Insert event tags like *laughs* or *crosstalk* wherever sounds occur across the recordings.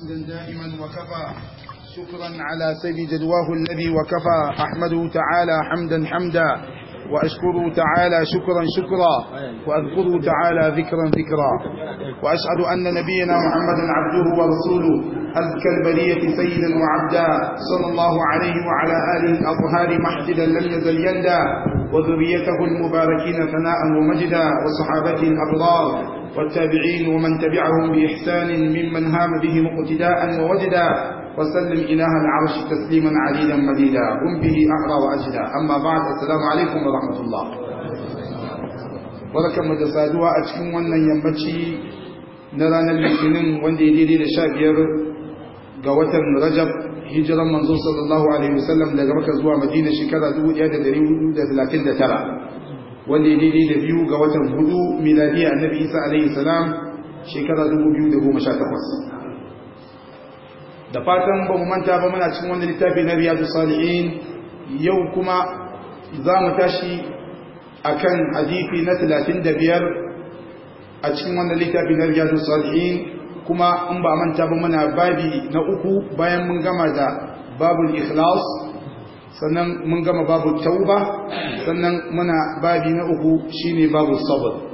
حمدا دائما وكفى شكرا على سيد جدواه الذي وكفى أحمده تعالى حمدا حمدا وأشكره تعالى شكرا شكرا وأذكره تعالى ذكرا ذكرا وأشهد أن نبينا محمدا عبده ورسوله أذكى البرية سيدا وعبدا صلى الله عليه وعلى آله الأطهار محجدا لم يزل يندى وذريته المباركين ثناء ومجدا وصحابته الأبرار والتابعين ومن تبعهم بإحسان ممن هام بهم اقتداء ووجدا وسلم إله العرش تسليما عديدا مديدا قم به أعرى وأجدا أما بعد السلام عليكم ورحمة الله ولكم مدسادوا أتكم وأن ينبتي نرانا الاثنين وأن يديري لشابير قوة رجب hijiran manzo sallallahu alaihi wasallam daga Makka zuwa Madina shekara 1439 wanda ya daidai da biyu ga watan hudu miladiya annabi isa alaihi salam shekara 2018 da fatan ba mu manta ba muna cikin wani littafi na riyadu salihin yau kuma za mu tashi a kan hadifi na 35 a cikin wannan littafi na riyadu salihin kuma in ba manta ba muna babi na uku bayan mun gama da babul ikhlas sannan mun gama babu tauba sannan muna babi na uku shine babu sabr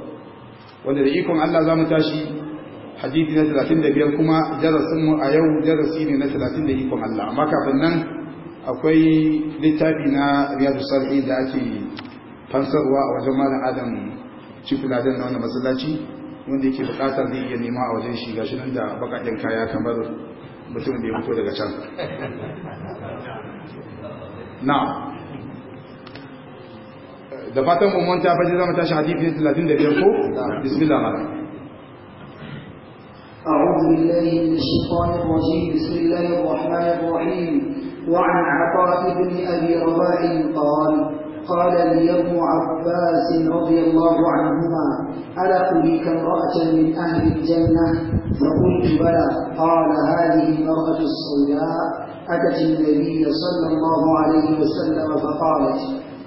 wanda da ikon Allah za mu tashi hadisi na biyar kuma jarasin mu a yau jarasi ne na talatin da ikon Allah amma kafin nan akwai littafi na riyadu salihin da ake fansarwa a wajen malam adam cikuladen na wani masallaci wanda yake bukatar zai iya nema a wajen shi gashi nan da bakaɗin kaya kamar mutum da ya fito daga can na'am da fatan mu manta fa zama tashi hadisi 35 ko bismillah ma أعوذ بالله من الشيطان الرجيم بسم الله الرحمن الرحيم وعن عطاء بن أبي رباح قال قال لي ابن عباس رضي الله عنهما ألا أريك امرأة من أهل الجنة فقلت بلى قال هذه المرأة الصلاة أتت النبي صلى الله عليه وسلم فقالت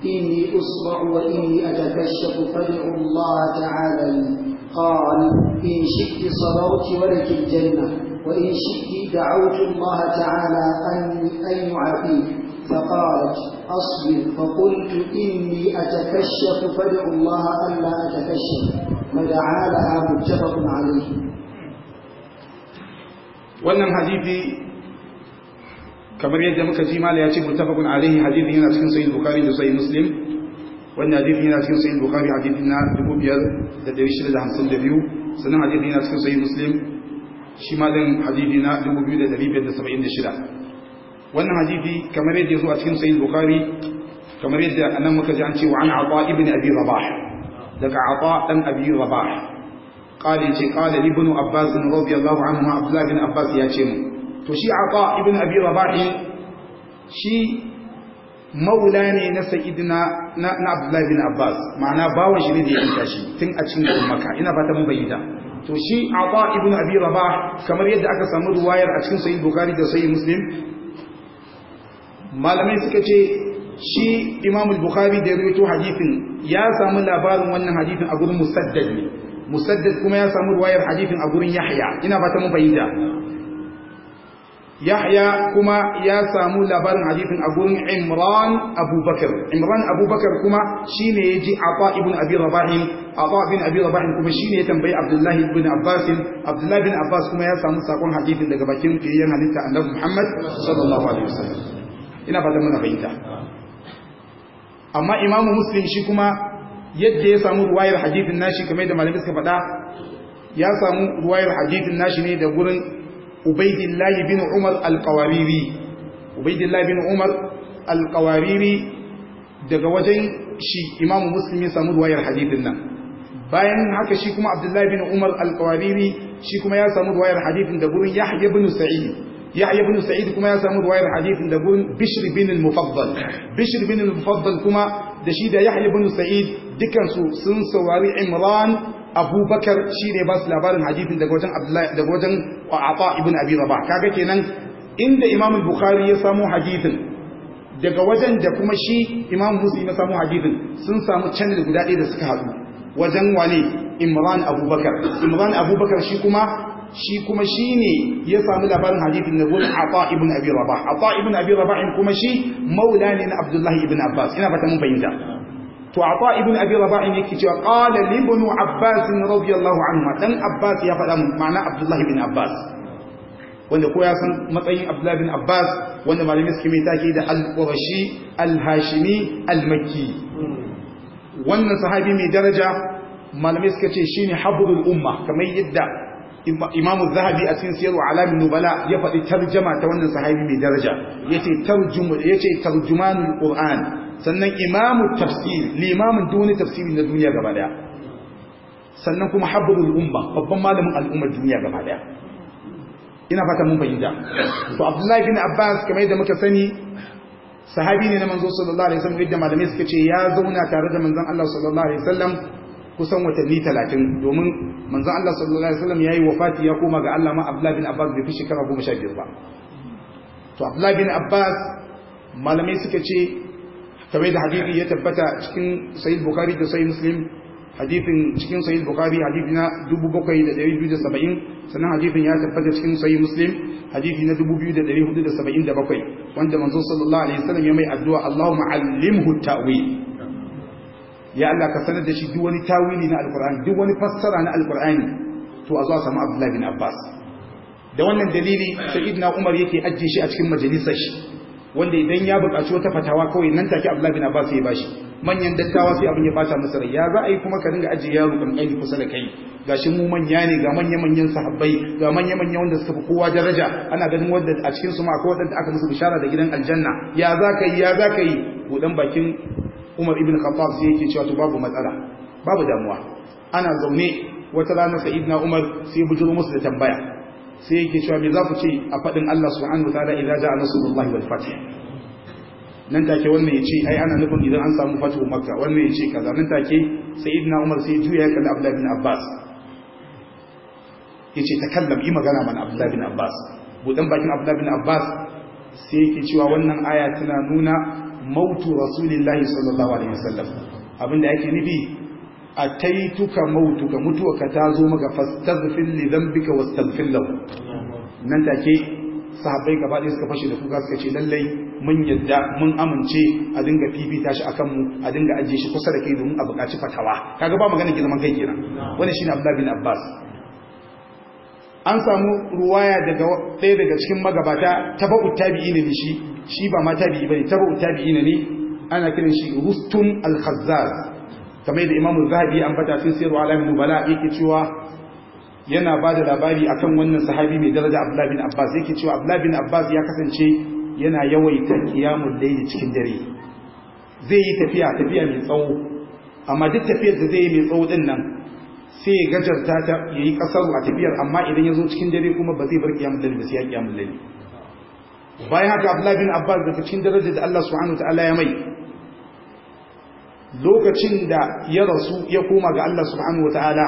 إني أصبع وإني أتكشف فادعوا الله تعالى لي قال إن شئت صبرت ولك الجنة وإن شئت دعوت الله تعالى أن, أن يعافيك فقالت أصبر فقلت إني أتكشف فادعوا الله ألا أتكشف ودعا لها متفق عليه wannan hadithi kamar yadda muka ji mala ya ce muttafaqun alaihi hadithi yana cikin sahih bukhari da sahih muslim wannan hadithi yana cikin sahih bukhari hadithi na 2652 sannan hadithi yana cikin sahih muslim shi ma hadithi na 2576 wannan hadisi kamar yadda yazo a cikin sahih bukhari kamar yadda anan muka ji an ce wa an ata ibn abi rabah daga ata dan abi rabah qali ce qala ibn abbas radiyallahu anhu ma abdullah ibn abbas ya ce mu to shi ata ibn abi rabah shi maula ne na sa'idina na abdullahi bin abbas ma'ana bawan shi da ya yanka shi tun a cikin garin maka ina fata mun bayyana to shi aba ibnu abi rabah kamar yadda aka samu ruwayar a cikin sahih bukhari da sahih malamai suka ce shi imamul bukhari da rawaito hadithin ya samu labarin wannan hadithin a gurin musaddad ne musaddad kuma ya samu ruwayar hadithin a gurin yahya ina ba ta mun fahimta yahya kuma ya samu labarin hadithin a gurin imran abubakar imran abubakar kuma shine ya ji ata ibn abi rabahin ata bin abi rabahin kuma shine ya tambayi abdullahi ibn abbas abdullahi ibn abbas kuma ya samu sakon hadithin daga bakin kiyayen halitta annabi muhammad sallallahu alaihi wasallam ina fatan muna fahimta amma imamu muslim shi kuma yadda ya samu ruwayar hadithin nashi kamar da malamai suka faɗa ya samu ruwayar hadithin nashi ne da gurin ubaidillahi bin umar alkawariri ubaidillahi bin umar alkawariri daga wajen shi imamu muslim ya samu ruwayar hadithin nan bayan haka shi kuma abdullahi bin umar alkawariri shi kuma ya samu ruwayar hadithin da gurin yahya bin sa'id yahya ibn sa'id kuma ya samu ruwayar hadisin da gun bishr bin al-mufaddal bishr bin kuma da shi da yahya ibn sa'id dukan sun saurari imran abubakar shi ne ba su labarin hadisin daga wajen abdullahi daga wajen ata ibn abi rabah kaga kenan inda imam al-bukhari ya samu hadisin daga wajen da kuma shi imam muslim ya samu hadithin sun samu channel guda ɗaya da suka haɗu wajen wane imran abubakar imran abubakar shi kuma shi kuma shi ne ya sami labarin hadithin na gurin Ata ibn Abi Rabah Ata ibn Abi Rabah kuma shi maula ne na Abdullahi ibn Abbas ina fata mun fahimta to Ata ibn Abi Rabah yake cewa qala li ibn Abbas radiyallahu anhu dan Abbas ya faɗa ma'ana Abdullahi ibn Abbas wanda ko ya san matsayin Abdullahi ibn Abbas wanda malamai suke mai take da al-Qurashi al-Hashimi al-Makki wannan sahabi mai daraja malamai suka ce shine habrul umma kamar yadda imamu zahabi a cikin siyarwa alamin nubala ya faɗi tarjama ta wannan sahabi mai daraja ya ce tarjumanul ƙur'an sannan imamu tafsir limamin duniya tafsiri na duniya gaba daya sannan kuma habbul umma babban malamin al'ummar duniya gaba daya ina fata mun fahimta to abdullahi bin abbas kamar yadda muka sani sahabi ne na manzo sallallahu alaihi wasallam yadda malamai suka ce ya zauna tare da manzon Allah sallallahu alaihi wasallam kusan watanni talatin domin manzan Allah sallallahu Alaihi wasallam ya yi wafati ya koma ga Allah ma Abdullah bin Abbas bai fi shekara goma sha biyar ba. To Abdullah bin Abbas malamai suka ce kamar da hadithi ya tabbata cikin Sayyid Bukhari da Sayyid Muslim hadithin cikin Sayyid Bukhari hadithi na dubu bakwai da ɗari biyu da saba'in sannan hadithin ya tabbata cikin Sayyid Muslim hadithi na dubu biyu da ɗari hudu da saba'in da bakwai wanda manzon sallallahu alaihi wasallam ya mai addu'a Allahumma allimhu ta'wil ya Allah ka sanar da shi duk wani tawili na alkur'ani duk wani fassara na alkur'ani to a zo a samu abdullahi bin abbas da wannan dalili sayyidina umar yake ajiye shi a cikin majalisar shi wanda idan ya buƙaci wata fatawa kawai nan take Abdullahi bin Abbas ya bashi manyan dattawa sai abin ya bata masa rai ya za a yi kuma ka dinga ajiye yaro kan kai kusa da kai gashi mu manya ne ga manya manyan sahabbai ga manya manya wanda suka fi kowa daraja ana ganin wanda a cikin su ma akwai wanda aka musu bishara da gidan aljanna ya za ka yi ya za ka yi bakin umar ibn khattab sai yake cewa to babu matsala babu damuwa ana zaune wata rana sayyidina umar sai bujiro musu da tambaya sai yake cewa me za ku ce a faɗin Allah subhanahu wa ta'ala idza ja'a nasrullahi wal fath nan take wannan yace ai ana nufin idan an samu fatu makka wannan yace kaza nan take sayyidina umar sai juya ya kalli abdullahi bin abbas yace takallam yi magana mana abdullahi bin abbas budan bakin abdullahi bin abbas sai yake cewa wannan aya tana nuna mautu rasulillahi sallallahu alaihi wasallam abinda yake nufi ataituka mautuka mutuwarka ta zo maka fastaghfir li dhanbika wastaghfir lahu nan take sahabbai gaba ɗaya suka fashe da kuka suka ce lallai mun yadda mun amince a dinga fifita shi akan mu a dinga ajiye shi kusa da kai domin a buƙaci fatawa kaga ba magana girman kai kenan wannan shine Abdullah bin Abbas an samu ruwaya daga ɗaya daga cikin magabata ta tabaut tabi'i ne shi shi ba ma tabi'i bane tabu tabi'i ne ana kiran shi rustun al-khazzaz kamar da imamu zahabi ya ambata fi sirru alamin mubala yake cewa yana ba da labari akan wannan sahabi mai daraja abdullah bin abbas yake cewa abdullah bin abbas ya kasance yana yawaita qiyamul layli cikin dare zai yi tafiya tafiya mai tsawo amma duk tafiyar da zai yi mai tsawo din nan sai ya gajarta ta yayi kasar a tafiyar amma idan ya zo cikin dare kuma ba zai bar qiyamul layli ba sai ya qiyamul layli bayan haka abdullahi bin abbas ta cikin darajar da Allah subhanahu ta'ala ya mai lokacin da ya rasu ya koma ga Allah subhanahu ta'ala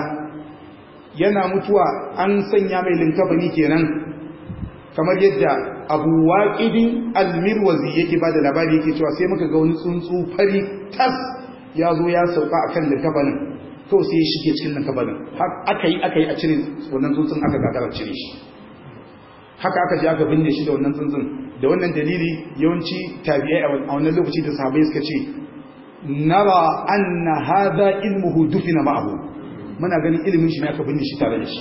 yana mutuwa an sanya mai linkabani kenan kamar yadda abu waƙidin almirwazi yake ba da labari yake cewa sai muka ga wani tsuntsu fari tas ya zo ya sauka a kan linkabanin kawai sai ya shige cikin linkabanin aka yi aka yi a cire wannan tsuntsun aka gagara cire shi haka aka ji aka binne shi da wannan tsuntsun da wannan dalili yawanci tabi'ai a wannan lokaci da sahabbai suka ce nara anna hadha ilmuhu dufina ma'ahu muna ganin ilimin shi ne aka binne shi tare da shi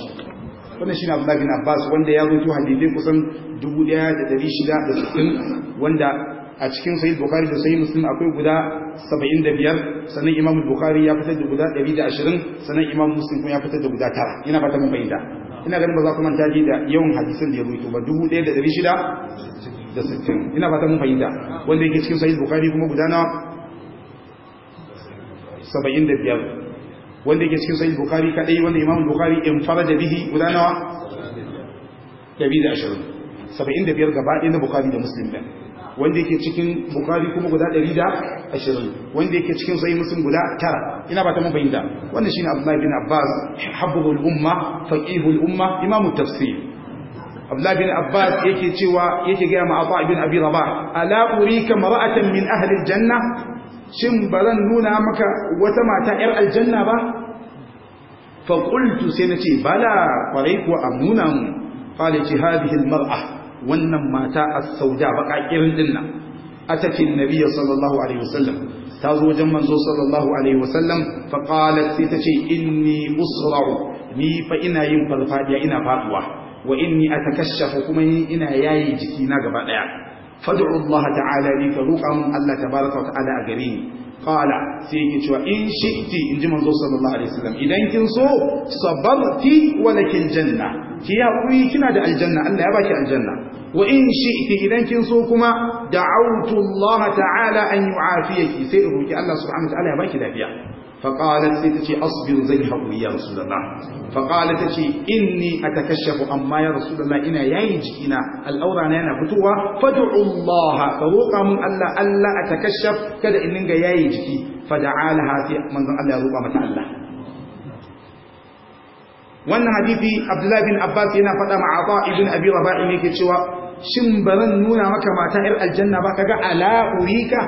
wannan shine Abdullah bin Abbas wanda ya rubuta hadisi kusan 1660 wanda a cikin sahih Bukhari da sahih Muslim akwai guda 75 sannan imam bukhari ya fitar da guda 120 sannan imam muslim kuma ya fitar da guda tara ina fata mun fahimta ina ganin ba za ku manta ji da yawan hadisan da ya rubuto ba da sittin ina fata mun fahimta wanda yake cikin sahih bukhari kuma guda nawa 75 wanda yake cikin sahih bukhari kadai wanda imam bukhari in da bihi guda nawa 120 75 gaba ɗaya na Bukhari da muslim ɗin wanda yake cikin Bukhari kuma guda da? ashirin wanda yake cikin sai muslim guda tara ina ba ta mun bayyana wannan shine abdullahi bin abbas habbul umma faqihul umma imamu tafsir abdullahi bin abbas yake cewa yake ga ma abu bin abi rabah ala urika mar'atan min ahli janna, shin bazan nuna maka wata mata yar aljanna ba fa qultu sai nace bala kwarai kuwa nuna mu qala ce hadhihi almar'a wannan mata as-sauda baka irin dinnan atakin nabiyya sallallahu alaihi wasallam ta zo wajen manzo sallallahu alaihi wasallam fa qalat sai ta ce inni usra'u ni fa ina yin farfadiya ina faduwa wa inni atakashafu kuma ina jiki na gaba ɗaya. fad'u Allah ta'ala li ka roƙa mun Allah tabaraka wa ta'ala a gare ni qala sai yake cewa in shi'ti in ji manzo sallallahu alaihi wasallam idan kin so sabarti wa kin janna ki hakuri kina da aljanna Allah ya baki aljanna wa in shi'ti idan kin so kuma da'awtu Allah ta'ala an yu'afiyaki sai in roki Allah subhanahu wa ta'ala ya baki lafiya فقالت تتي أصبر زي حقوي يا رسول الله فقالت تتي إني أتكشف أما يا رسول الله إنا يايجي إنا الأورا نانا فتوة فدعو الله فوقع من ألا ألا أتكشف كذا إنك يايجي فدعا لها في من الله يروقع متى الله wannan hadithi abdullahi bin abbas yana faɗa ma ata ibn abi rabah ne yake cewa shin ba zan nuna maka mata ‘yar aljanna ba kaga ala urika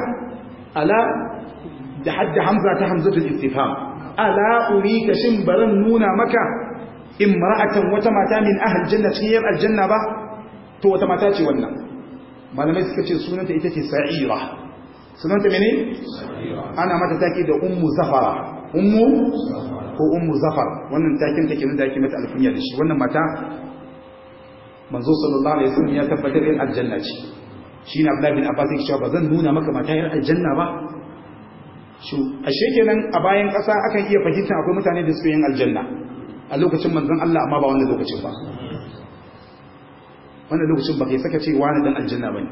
ala da hadda hamza ta hamzatul istifham ala urika shin ba zan nuna maka imra'atan wata mata min ahal janna cikin ‘yar aljanna ba to wata mata ce wannan malamai suka ce sunanta ita ce sa'ira sunanta mene ana mata take da ummu zafara ummu ko ummu zafar wannan takin take nan da ake mata alkunya da shi wannan mata manzo sallallahu alaihi wasallam ya tabbatar yan aljanna ce shi shine Abdullahi bin Abbas yake cewa ba zan nuna maka mata yan aljanna ba shu ashe kenan a bayan ƙasa akan iya fahimtar akwai mutane da suke yin aljanna a lokacin manzon Allah amma ba wannan lokacin ba wannan lokacin ba kai saka ce wani dan aljanna bane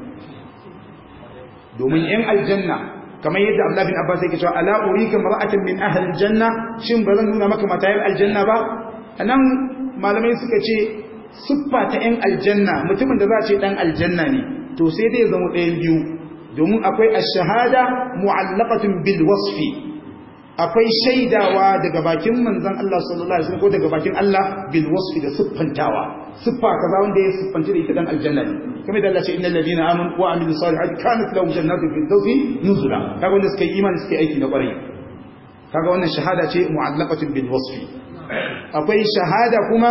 domin yan aljanna kamar yadda Abdullah bin Abbas yake cewa ala urika mar'atan min ahli aljanna shin ba zan nuna maka mata yan aljanna ba anan malamai suka ce siffa ta ‘yan aljanna mutumin da za a ce ɗan aljanna ne to sai dai zama ɗayan biyu domin akwai a shahada mu'allakatun bil wasfi akwai shaidawa daga bakin manzan Allah sallallahu Alaihi ko daga bakin Allah bil wasfi da siffantawa siffa kaza wanda ya siffanci da ita ɗan aljanna ne kamar da Allah ce innal ladina amanu wa salihati kanat lahum jannatu fil kaga wanda suka yi imani suka aiki na kwarai kaga wannan shahada ce mu'allaqatun bil wasfi akwai shahada kuma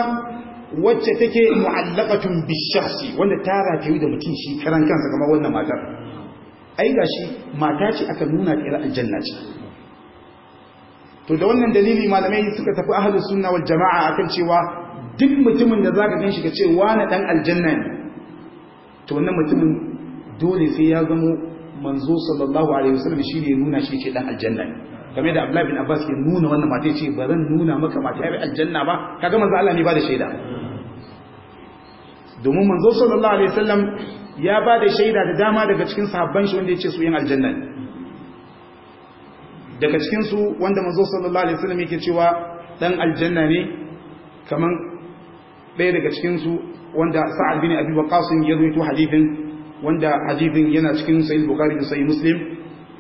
wacce take mu'allaqatun shakhsi wanda ta rafe da mutum shi karan kansa kamar wannan matar ai gashi mata ce aka nuna ta aljanna ce to da wannan dalili malamai suka tafi ahli sunna wal jamaa akan cewa duk mutumin da zaka ganshi ka ce wani dan aljanna ne to wannan mutumin dole sai ya zamo manzo sallallahu alaihi wasallam shi ne nuna shi ce dan aljanna ne game da Abdullahi bin Abbas ke nuna wannan mata ce ba zan nuna maka mata yar aljanna ba kaga manzo Allah ne ba da shaida domin manzo sallallahu alaihi wasallam ya ba da shaida da dama daga cikin sahabban shi wanda ya ce su yin aljanna daga cikin su wanda manzo sallallahu alaihi wasallam yake cewa dan aljanna ne kaman ɗaya daga cikin su wanda sa'ad bin abi waqas ya rawaito hadithin wanda hadithin yana cikin sahih bukhari da sahih muslim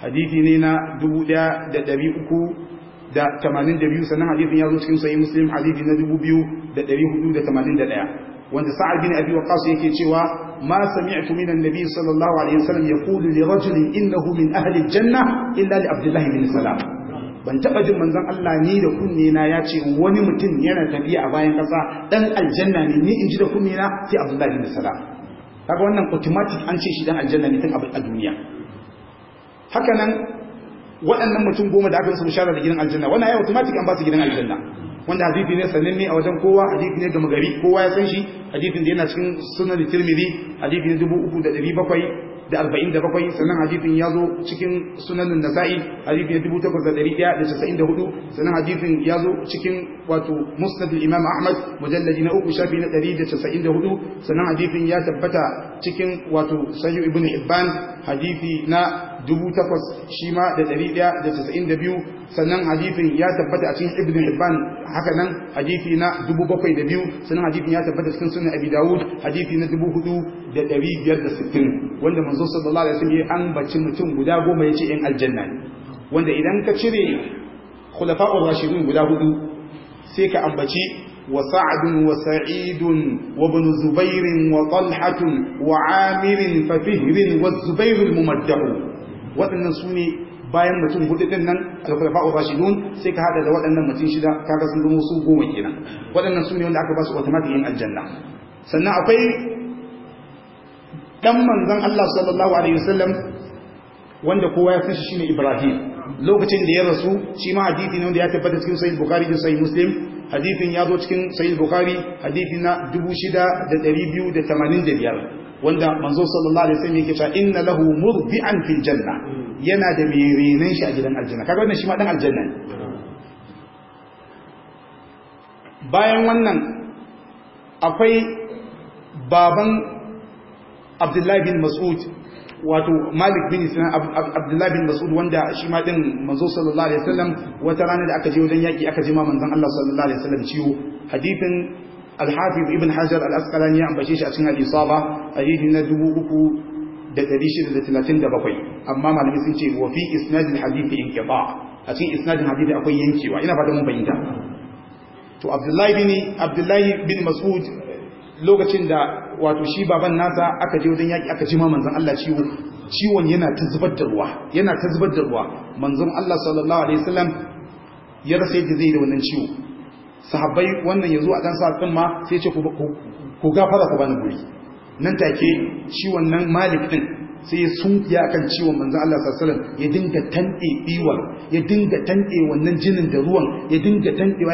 hadithi ne na 1382 sannan hadithin ya zo cikin sahih muslim hadithi na 2481 wanda sa'ad bin abi waqas yake cewa ma sami'tu min annabi sallallahu alaihi wasallam yaqulu li rajulin innahu min ahli janna illa li abdullah bin salam ban taba jin manzon Allah ni da kunne na ya ce wani mutum yana tafiya a bayan kasa dan aljanna ne ni in ji da kunne na sai abdullah bin salam kaga wannan automatic an ce shi dan aljanna ne tun a duniya haka nan waɗannan mutum goma da aka musu bishara da gidan aljanna wannan ya automatic an ba su gidan aljanna wanda hadisi ne sananne a wajen kowa hadisi ne gama gari kowa ya san shi hadisin da yana cikin sunan tirmidhi hadisi ne dubu uku da ɗari bakwai da arba'in da bakwai sannan hadisin ya zo cikin sunanin nasa'i hadisi ne dubu takwas da ɗari ɗaya da casa'in da hudu sannan hadisin ya zo cikin wato musnad imam ahmad mujalladi na uku shafi na ɗari da casa'in da hudu sannan hadisin ya tabbata cikin wato sahihu ibn hibban hadisi na 8,000 shi ma da sannan hadifin ya tabbata a cikin ibn hibban haka nan hadifi na 7,002 sannan hadifin ya tabbata cikin sunan abi dawud hadifi na 4,560 wanda manzo sallallahu alaihi wasallam ya ambaci mutum guda goma ya ce aljanna wanda idan ka cire khulafa'ur rashidun guda hudu sai ka ambaci وسعد وسعيد وابن زبير وطلحة وعامر ففهر والزبير الممدح waɗannan su ne bayan mutum hudu nan al a ar-rashidun sai ka haɗa da waɗannan mutum shida kaga sun zama su goma kenan waɗannan su ne wanda aka ba su automatic yin aljanna sannan akwai ɗan manzan Allah sallallahu alaihi wasallam wanda kowa ya san shi shine Ibrahim lokacin da ya rasu shi ma hadisi ne wanda ya tabbata cikin sahih Bukhari da sahih Muslim hadisin ya zo cikin sahih Bukhari hadisi na 6285 wanda manzo sallallahu alaihi wasallam yake cewa inna lahu murdi'an fil janna yana da mai shi a gidan aljanna kaga wannan shi ma dan aljanna ne bayan wannan akwai baban abdullahi bin mas'ud wato malik bin sinan abdullahi bin mas'ud wanda shi ma din manzo sallallahu alaihi wasallam wata rana da aka je wajen yaki aka jima manzon Allah sallallahu alaihi wasallam ciwo hadithin Alhafi hafiz ibn hajar al-asqalani ya ambace shi a cikin al a hadisi na 3637 amma malami sun ce wa fi isnad al-hadith inqita a cikin isnadin hadisi akwai yankewa ina fata mun bayyana to abdullahi bin mas'ud lokacin da wato shi baban nasa aka je wajen yaƙi aka jima manzon Allah ciwo ciwon yana ta zubar da ruwa yana ta zubar da ruwa manzon Allah sallallahu alaihi wasallam ya rasa yadda zai da wannan ciwo sahabbai wannan ya zo a dan sa ɗin ma sai ya ce ku gafara ku bani guri nan take ciwon nan malik din sai ya sunkiya kan ciwon manzo Allah sallallahu ya dinga tanɗe biwa ya dinga tanɗe wannan jinin da ruwan ya dinga tandewa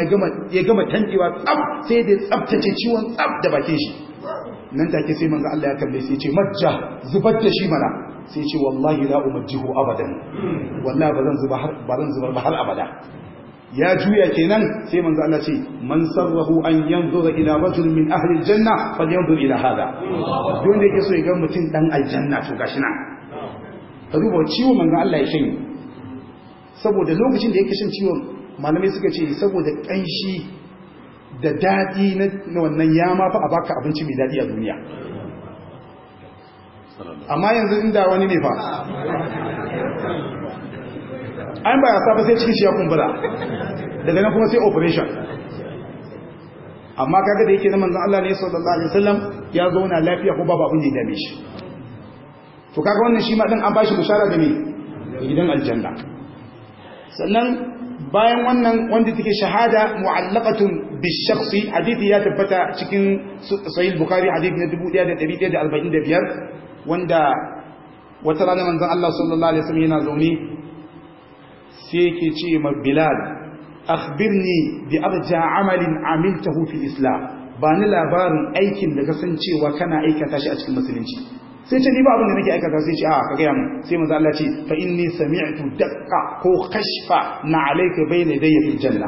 ya gama ya tsab sai da tsabtace ciwon tsab da bakin shi nan take sai manzo Allah ya kalle sai ce majja zubar da shi mana sai ce wallahi la umajjihu abadan wallahi ba zan zubar ba har abada ya juya kenan sai manzo Allah ce man sarrahu an yanzura ila rajul min ahli aljanna falyanzur ila hada don da yake so ya ga mutum dan aljanna to gashi nan ka duba ciwo manzo Allah ya shanye saboda lokacin da yake shan ciwon malamai suka ce saboda kanshi da dadi na wannan yama fa a baka abinci mai dadi a duniya amma yanzu inda wani ne fa an ba safa sai cikin ya kumbura daga nan kuma sai operation amma kaga da yake na manzon Allah ne sallallahu alaihi wasallam ya zauna lafiya ko babu abin da ya dame shi to kaga wannan shi ma din an bashi bishara da me gidan aljanna sannan bayan wannan wanda take shahada mu'allaqatun bishakhsi hadisi ya tabbata cikin sahih bukhari hadisi na 1145 wanda wata rana manzon Allah sallallahu alaihi wasallam yana zaune sai yake ce ma bilal akhbirni bi arja amalin amiltahu fil islam ba ni labarin aikin da kasancewa kana aikata shi a cikin musulunci sai ce ni ba abin da nake aikata sai ce a ka gaya mun sai manzo Allah ce fa inni sami'tu daqqa ko khashfa na alayka bayna yadayya fil janna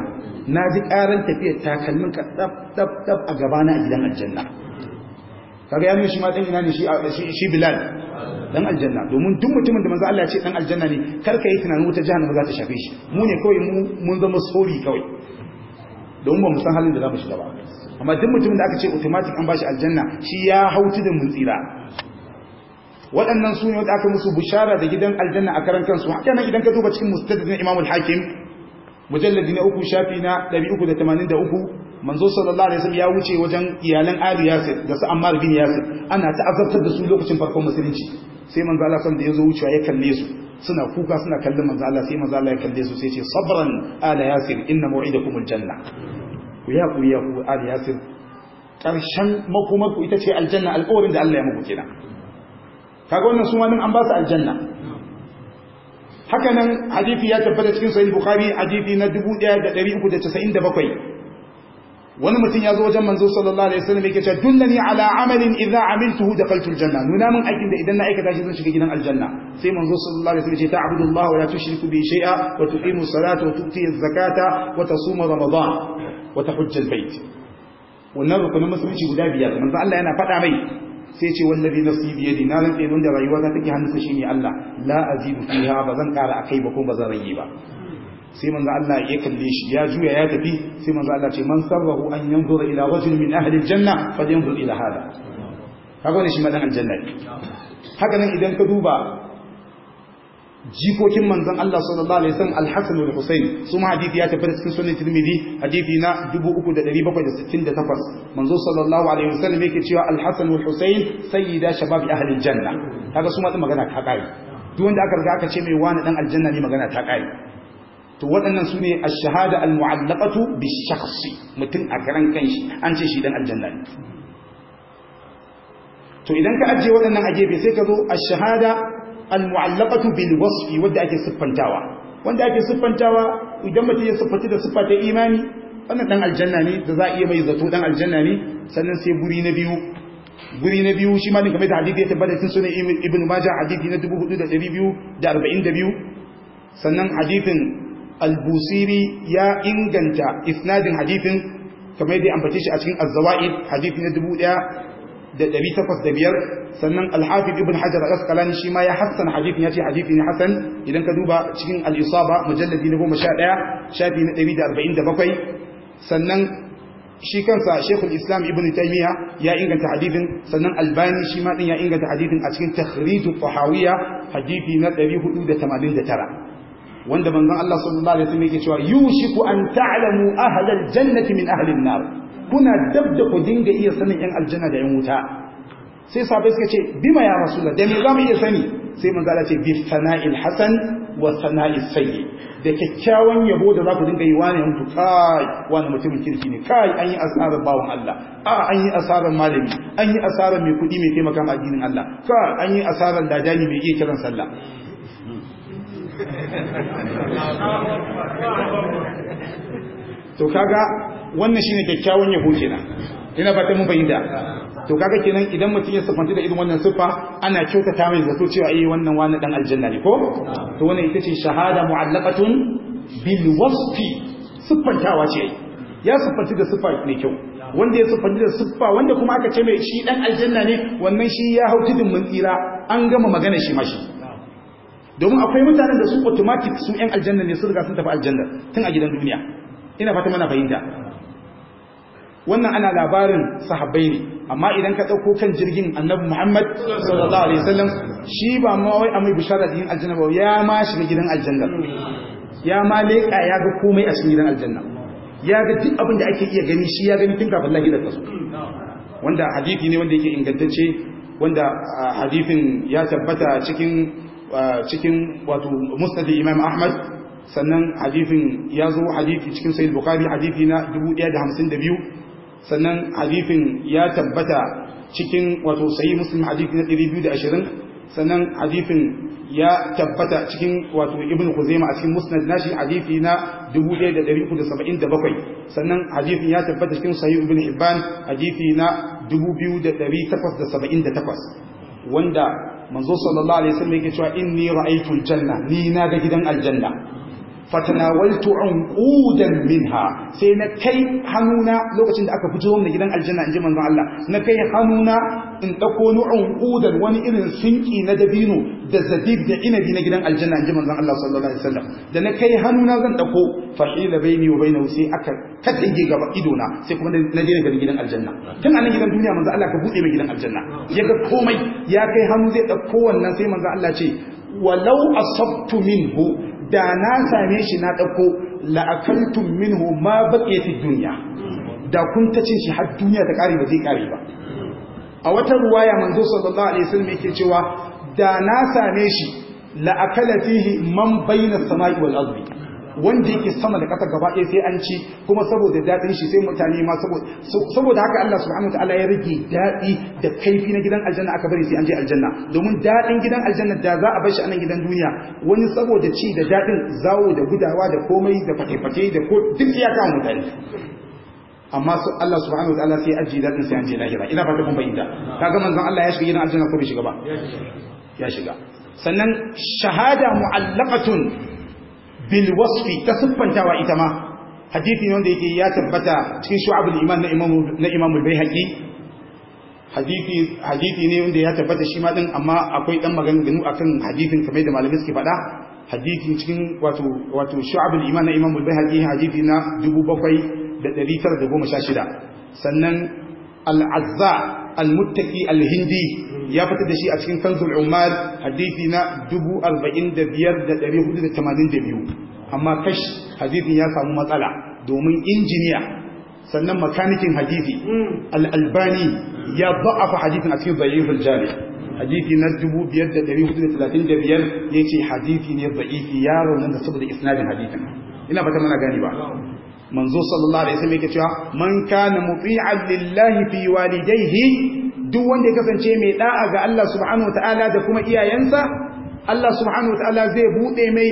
na ji karan tafiyar takalmin ka tsaf a gabana a gidan aljanna kaga ya nuna shi ma dan ina ne shi shi Bilal dan aljanna domin duk mutumin da manzo Allah ya ce dan aljanna ne kar ka yi tunanin wata jahannama za ta shafe shi mu ne kawai mun zama sori kawai domin ba mu san halin da za mu shiga ba amma duk mutumin da aka ce automatic an bashi aljanna shi ya hauti da mun tsira waɗannan su ne wanda aka musu bishara da gidan aljanna a karan kansu haka nan idan ka duba cikin mustadrak na Imam al-Hakim mujalladi na uku shafi na 383 manzo sallallahu alaihi wasallam ya wuce wajen iyalan Abi Yasir da su Ammar bin Yasir ana azabtar da su lokacin farkon musulunci sai manzo Allah sallallahu alaihi wasallam da zo wucewa ya kalle su suna kuka suna kallon manzo Allah sai manzo Allah ya kalle su sai ce sabran ala Yasir inna maw'idakumul janna ku ya ku ya ku ala Yasir karshen makomar ku ita ce aljanna alƙawarin da Allah ya muku kenan kaga wannan su wani an ba su aljanna haka nan hadisi ya tabbata cikin sahih bukhari hadisi na 1397 wani mutum ya zo wajen manzo sallallahu alaihi wasallam yake cewa dullani ala amalin idza amiltuhu dakhaltul janna nuna min aikin da idan na aikata shi zan shiga gidan aljanna sai manzo sallallahu alaihi wasallam ya ce ta'budu Allah wa la tushriku bi shay'a wa tuqimu salata wa tu'ti zakata wa tasumu ramadan wa tahujja albayt wannan rukunin musulunci guda biyar manzo Allah yana faɗa mai sai ce wallazi nafsi bi yadi na rantsa wanda rayuwata take hannunsa shine Allah la azidu fiha bazan kara akai ba ko bazan rage ba sai manzo Allah ya kalle shi ya juya ya tafi sai manzo Allah ce man sarrahu an yanzura ila rajul min ahli aljanna yanzur ila hada haka ne shi madan aljanna haka nan idan ka duba jikokin manzon Allah sallallahu alaihi wasallam al-Hasan wal Husayn su ma hadisi ya tafi cikin sunan Tirmidhi hadisi na 3768 manzo sallallahu alaihi wasallam yake cewa al-Hasan wal Husayn sayyida shabab ahli aljanna kaga su ma magana ta kai duk wanda aka riga aka ce mai wani dan aljanna ne magana ta kai to waɗannan su ne ash-shahada al-mu'allaqatu bi-shakhsi mutum a karan kanshi an ce shi dan aljanna ne to idan ka ajiye waɗannan a gefe sai ka zo a shahada al-mu'allaqatu bil-wasfi wanda ake siffantawa wanda ake siffantawa idan mutum ya siffati da siffa ta imani wannan dan aljanna ne da za a iya mai zato dan aljanna ne sannan sai guri na biyu guri na biyu shi ma din kamar da hadisi ya tabbata cikin sunan ibn majah hadisi na 4242 sannan hadisin al-busiri ya inganta isnadin hadithin kamar yadda ambace shi a cikin az-zawaid hadithi na 1805 sannan al-hafiz ibn hajar al-asqalani shi ma ya hassana hadithin yace hadithi ne hasan idan ka duba cikin al-isaba mujalladi na 11 shafi na 147 sannan shi kansa shekul islam ibn taymiya ya inganta hadithin sannan albani shi ma din ya inganta hadithin a cikin takhrijul tahawiyya hadithi na 489 wanda manzon Allah sallallahu alaihi wasallam yake cewa yushiku an ta'lamu ahlal jannati min ahlin nar kuna dabda ku dinga iya sanin yan aljanna da yan wuta sai sahabbai suka ce bima ya rasulullah da me za mu iya sani sai manzo Allah ce bi sana'il hasan wa sana'is sayyi da kyakkyawan yabo da za ku dinga yi wani mutu kai wani mutumin kirki ne kai an yi asarar bawan Allah a an yi asarar malami an yi asarar mai kuɗi mai taimaka ma addinin Allah kai an yi asarar dajani mai iya kiran sallah to kaga wannan shine kyakkyawan yabo kenan ina fata mun bayyana to kaga kenan idan mutum ya sufanta da irin wannan siffa ana kyautata mai zato cewa ai eh, wannan wani dan aljanna ne ko to wannan ita ce shahada mu'allaqatun bil wasfi siffantawa ce ya sufanta da siffa ne kyau wanda ya sufanta da siffa wanda kuma aka ce mai shi dan aljanna ne wannan shi ya hau din mun tsira an gama magana shi shi domin akwai mutanen da su automatic sun yan aljanna ne su riga sun tafi aljanna tun a gidan duniya ina fata mana fahimta wannan ana labarin sahabbai ne amma idan ka dauko kan jirgin annabi muhammad sallallahu alaihi wasallam shi ba ma wai amai bishara yin aljanna ba ya ma shiga gidan aljanna ya ma leƙa ya ga komai a cikin gidan aljanna ya ga duk abin da ake iya gani shi ya gani tun kafin lahi da kasu wanda hadisi ne wanda yake ingantacce wanda ah, hadisin ya tabbata cikin cikin wato musnad imam ahmad sannan hadifin ya zo hadifi cikin Sayyid bukhari hadifi na 1052 sannan hadifin ya tabbata cikin wato sahih muslim hadithi na 220 sannan hadifin ya tabbata cikin wato ibn khuzaima a cikin musnad nashi hadifi na 1377 sannan hadifin ya tabbata cikin Sayyid ibn hibban hadifi na 2878 wanda manzo sallallahu alaihi wasallam yake cewa inni ra'aytul janna ni na ga gidan aljanna fatanawaltu unqudan minha sai na kai hannuna lokacin da aka fito mun gidan aljanna inji manzon Allah na kai hannuna in ɗauko nu'un ƙudan wani irin sinki na dabino da zadid da inabi na gidan aljanna in ji manzon Allah sallallahu alaihi wasallam da na kai hannuna zan ɗauko fahila baini wa bainahu sai aka katange gaba ido na sai kuma na je ganin gidan aljanna tun anan gidan duniya manzon Allah ka buɗe mai gidan aljanna ya ga komai ya kai hannu zai ɗauko wannan sai manzon Allah ce walau asabtu minhu da na same shi na ɗauko la'akantun minhu ma baqiyatid dunya da kun ta ce shi har duniya ta kare ba zai kare ba a wata ruwaya manzo sallallahu alaihi wasallam yake cewa da na same shi la akala fihi man bayna samai wal ardi wanda yake sama da ƙasa gaba ɗaya sai an ci kuma saboda daɗin shi sai mutane ma saboda haka Allah subhanahu ta'ala ya rage daɗi da kaifi na gidan aljanna aka bari sai an je aljanna domin daɗin gidan aljanna da za a bar shi a nan gidan duniya wani saboda ci da daɗin zawo da gudawa da komai da fate-fate da ko duk iyaka mutane amma su Allah subhanahu wataala sai aji dadin sai an je lahira ina fata kun bayyana kaga manzon Allah ya shiga gidan aljanna ko bai shiga ba ya shiga sannan shahada mu'allaqatun bil wasfi ta siffantawa ita ma hadisi ne wanda yake ya tabbata cikin shu'abul iman na imamu na imamu bayhaqi hadisi hadisi ne wanda ya tabbata shi ma din amma akwai dan maganganu akan hadisin kamar da malamai suke faɗa hadisin cikin wato wato shu'abul iman na imamu bayhaqi hadisi na dubu bakwai. 1916 sannan al-azza al-muttaqi al-hindi ya fitar da shi a cikin kanzul umar hadithi na 45482 amma kashi hadithin ya samu matsala domin injiniya sannan makanikin hadithi al'albani albani ya ba'afa hadithin a cikin zayyifin jami Hadithi na 5435 ya ce hadithi ne za'ifi ya raunin da saboda isnadin hadisin ina fata mana gani ba manzo sallallahu alaihi wasallam yake cewa man kana muti'an lillahi fi walidayhi duk wanda ya kasance mai da'a ga Allah subhanahu wataala da kuma iyayensa Allah subhanahu wataala zai bude mai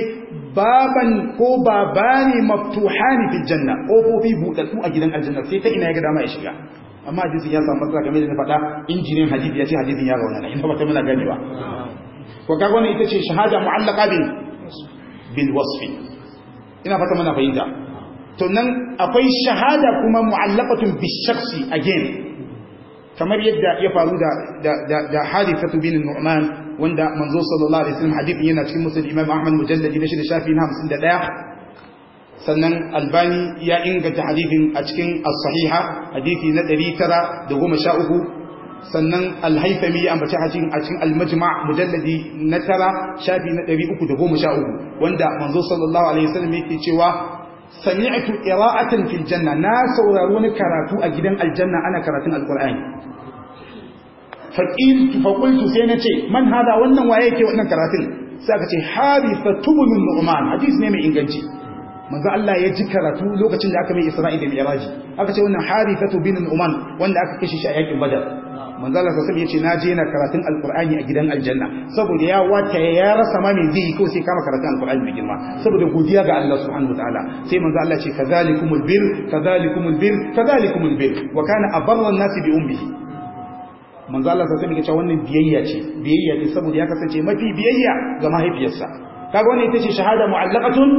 baban ko babani maftuhani fi janna kofofi budaddu a gidan aljanna sai ta ina ya ga dama ya shiga amma hadisin ya samu matsala game da na faɗa injinin hadisi ya ce hadisin ya raunana in ba ta muna ganewa ko ka wannan ita ce shahada mu'allaqa bil wasfi ina fata muna fahimta to nan akwai shahada kuma mu'allaqatun bi shakhsi again kamar yadda ya faru da da da hadithatu bin nu'man wanda manzo sallallahu alaihi wasallam hadithin yana cikin musnad imam ahmad mujalladi na shida shafi na 51 sannan albani ya inganta hadithin a cikin as-sahiha hadithi na 913 sannan alhaifami ya ambaci hajjin a cikin al almajma mujalladi na tara shafi na 313 wanda manzo sallallahu alaihi wasallam yake cewa sami'tu qira'atan fil janna na saurari wani karatu a gidan aljanna ana karatun alqur'ani faqiltu faqultu sai na ce man hada wannan waye yake wannan karatun sai aka ce harithatu min nu'man hadis ne mai inganci manzo Allah ya ji karatu lokacin da aka mai Isra'ila da Mi'raj aka ce wannan harithatu bin nu'man wanda aka kashe shi a yakin badar manzo Allah sallallahu yace na je na karatun alqur'ani a gidan aljanna saboda ya wata ya rasa ma me zai ko sai kama karatun alqur'ani da girma saboda godiya ga Allah subhanahu wataala sai manzo Allah ce kazalikumul bir kazalikumul bir kazalikumul bir wa kana abarra nasi bi ummihi manzo Allah sallallahu alaihi wasallam wannan biyayya ce biyayya ce saboda ya kasance mafi biyayya ga mahaifiyarsa kaga wannan ita ce shahada mu'allaqatun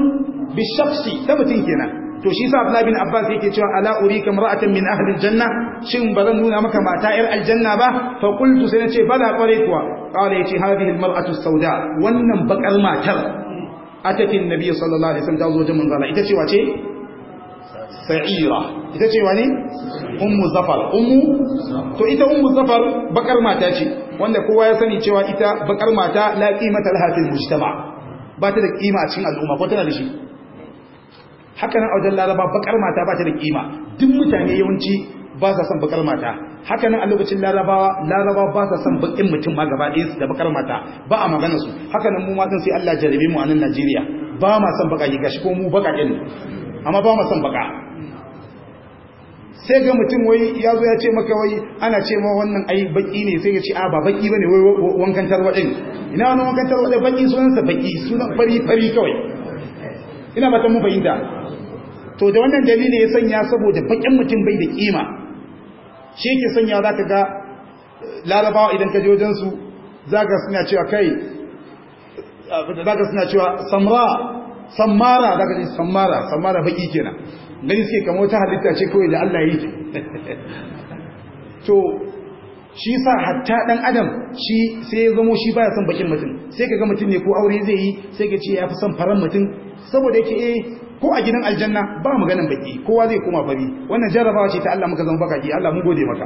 bi shakhsi ta mutum kenan to shi sa Abdullah bin Abbas yake cewa ala urika mar'atan min ahli aljanna shin bazan nuna maka mata yar aljanna ba fa qultu sai nace bala kware kuwa qala yace hadhihi almar'atu sauda wannan bakar matar atati annabi sallallahu alaihi wasallam ta zo da manzala ita ce wace sa'ira ita ce wani ummu zafar ummu to ita ummu zafar bakar mata ce wanda kowa ya sani cewa ita bakar mata la qimata laha fil mujtama ba ta da kima a cikin al'umma ko tana da shi haka nan a wajen laraba bakar mata ba ta da kima duk mutane yawanci ba sa son bakar mata haka nan a lokacin larabawa laraba ba sa son bakin mutum ma gaba ɗaya da bakar mata ba a magana su haka nan mu matan sai Allah jarabe mu a nan Najeriya ba ma son baka yi gashi ko mu baka ɗin amma ba ma son baka sai ga mutum wai ya zo ya ce maka wai ana ce ma wannan ai baki ne sai ya ce a ba baki bane wai wankan tarwa ɗin ina wani wankan tarwa ɗin baki sunansa baki sunan fari fari kawai ina ba ta mu fahimta to da wannan dalili ya sanya saboda bakin mutum bai da kima shi yake sanya za ka ga larabawa idan ka je wajensu za ka suna cewa kai za za ka ce samara samara baki kenan gani suke kama wata halitta ce kawai da allah yi *laughs* to shi sa hatta dan adam shi sai ya zamo shi baya son bakin mutum sai ka ga mutum ne ko aure zai yi sai ka ce ya fi son faran mutum saboda yake eh ko a gidan aljanna ba maganan baki kowa zai koma fari wannan jarrabawa ce ta Allah muka zama bakaki Allah mun gode maka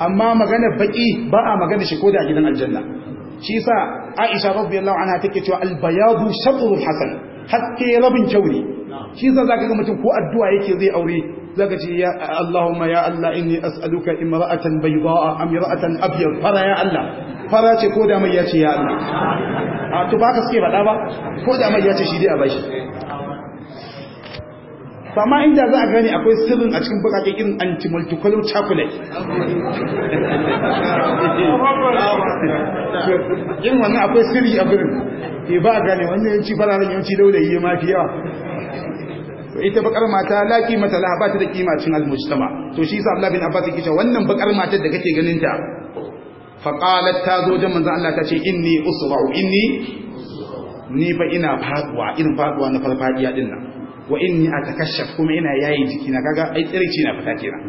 amma magana baki ba a magana shi ko da a gidan aljanna shi sa Aisha radiyallahu anha take cewa al-bayadu shatrul hasan haske rabin kauri shi sa zaka ga mutum ko addu'a yake zai aure zaka ce ya Allahumma ya Allah inni as'aluka imra'atan bayda'a am imra'atan abyad fara ya Allah fara ce ko da mai ya ce ya Allah a to baka suke faɗa ba ko da mai ya ce shi dai a bashi amma inda za a gane akwai sirrin a cikin bukatun irin anti-multicolor chocolate yin wannan akwai sirri a birin eh, ba a gane wannan yanci fararen yanci daulayi mafi yawa to ita bakar mata la kimata laha ba ta da kima cin almujtama to shi yasa Abdullah bin Abbas yake cewa wannan bakar mata da kake ganin ta fa qalat ta zo da manzo Allah ta ce inni usra'u inni ni fa ina faduwa irin faduwa na farfadiya din nan wa inni atakashaf kuma ina yayi jikina kaga ai tsirici na fata kenan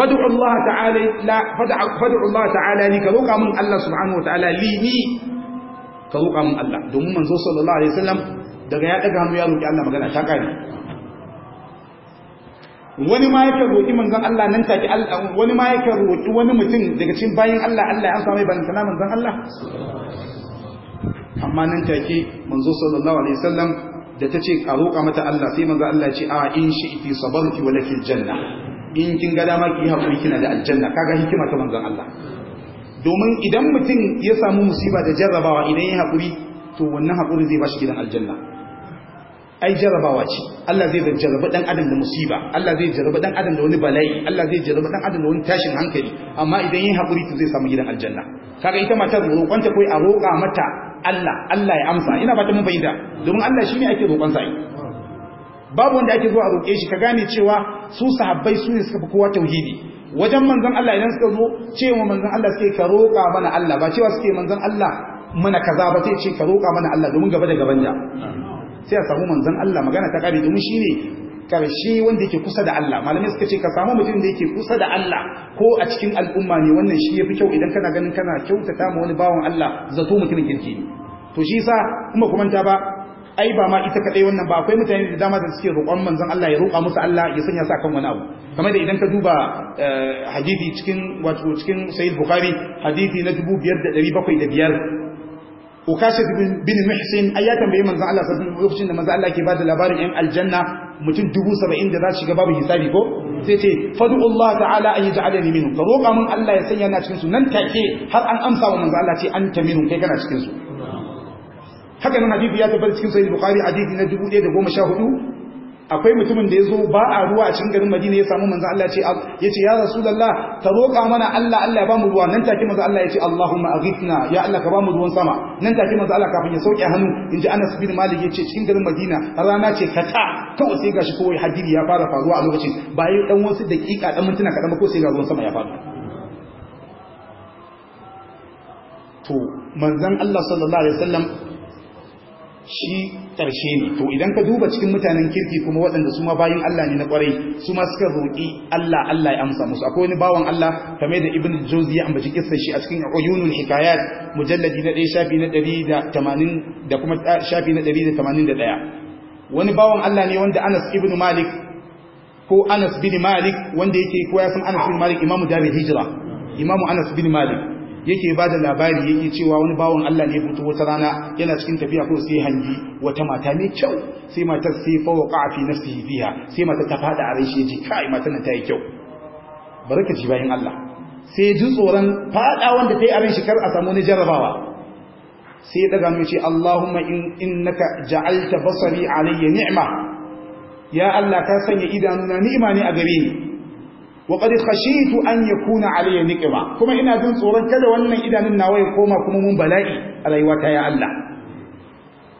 fad'u Allah ta'ala la fad'u Allah ta'ala ni ka roka mun Allah subhanahu wa ta'ala li ni ka roka mun Allah domin manzo sallallahu alaihi wasallam daga ya daga hannu ya roƙi Allah magana ta kare wani ma yake roƙi manzon Allah nan take Allah wani ma yake roƙi wani mutum daga cikin bayin Allah Allah ya samu ban sana manzon Allah amma nan take manzo sallallahu alaihi wasallam da tace ka roƙa mata Allah sai manzon Allah ya ce a in shi fi sabarti lakil janna in kin ga dama ki yi hakuri kina da aljanna kaga hikima ta manzon Allah domin idan mutum ya samu musiba da jarrabawa idan ya hakuri, to wannan hakuri zai ba shi gidan aljanna ai jarabawa ce Allah zai jarraba dan adam da musiba Allah zai jarabi dan adam da wani bala'i Allah zai jarabi dan adam da wani tashin hankali amma idan yin hakuri to zai samu gidan aljanna kaga ita matar roƙonta koi a roƙa mata Allah Allah ya amsa ina ba ta mun fahimta domin Allah shine ake roƙon sa babu wanda ake zuwa roƙe shi ka gane cewa su sahabbai su ne suka fi kowa tauhidi wajen manzon Allah idan suka zo cewa manzon Allah suke ka roƙa mana Allah ba cewa suke manzon Allah mana kaza ba sai ce ka roƙa mana Allah domin gaba da gaban da sai a samu manzan Allah magana ta ƙari domin shi ne karshe wanda yake kusa da Allah malamai suka ce ka samu mutum da yake kusa da Allah ko a cikin al'umma ne wannan shi ya fi kyau idan kana ganin kana kyautata ma wani bawan Allah zato mutumin kirki ne to shi sa kuma kumanta ba ai ba ma ita kaɗai wannan ba akwai mutane da dama da suke roƙon manzan Allah ya roƙa musu Allah ya sanya sa kan wani abu kamar da idan ka duba eh, hadisi cikin wato cikin sahih bukhari hadisi na 2705 ukashif bin muhsin ai ya tambayi manzo Allah sallallahu alaihi lokacin da manzo Allah ke bada labarin yan aljanna mutum 70 da za su shiga babu hisabi ko sai ce fadu Allah ta'ala an yaj'alani minhum fa roƙa mun Allah ya sanya na cikin su nan take har an amsa wa manzo Allah ce anta minhum kai kana cikin su haka nan hadisi ya tabbata cikin sahih bukhari hadisi na 1014 akwai mutumin da ya zo ba a ruwa a cikin garin madina ya samu manzan Allah ya ce ya rasulallah ka roƙa mana Allah Allah ya ba mu ruwa nan take manzan Allah ya ce Allahumma aghithna ya Allah ka ba mu ruwan sama nan take manzan Allah kafin ya sauke hannu in ji Anas bin Malik ya ce cikin garin madina rana ce kata kawai sai gashi kawai hadiri ya fara faruwa a lokacin bayan dan wasu daƙiƙa dan mintuna kaɗan ko sai ga ruwan sama ya faru to manzan Allah sallallahu alaihi wasallam shi ƙarshe ne to idan ka duba cikin mutanen kirki kuma waɗanda su ma bayin Allah ne na ƙwarai su ma suka roƙi Allah Allah ya amsa musu akwai wani bawan Allah kame da Ibn Jauzi ya ambaci kissar shi a cikin Uyunul Hikayat mujalladi na 1 shafi na 180 da kuma shafi na 181 wani bawan Allah ne wanda Anas ibn Malik ko Anas bin Malik wanda yake ko ya san Anas bin Malik imamu darul hijira imamu Anas bin Malik yake ba da labari yake cewa wani bawan Allah ne mutu wata rana yana cikin tafiya ko sai hangi wata mata mai kyau sai matar sai fa waqa fi nafsihi biha sai mata ta fada a rashi ji kai matar na ta yi kyau baraka ji bayan Allah sai ji tsoron fada wanda ta yi a kar a samu ni jarrabawa sai ya daga mu ce Allahumma in innaka ja'alta basari alayya ni'ma ya Allah ka sanya idanuna ni'ima ne a gare ni wa qad khashitu an yakuna alayya niqma kuma ina jin tsoron kada wannan idanun nawa ya koma kuma mun bala'i a rayuwata ya Allah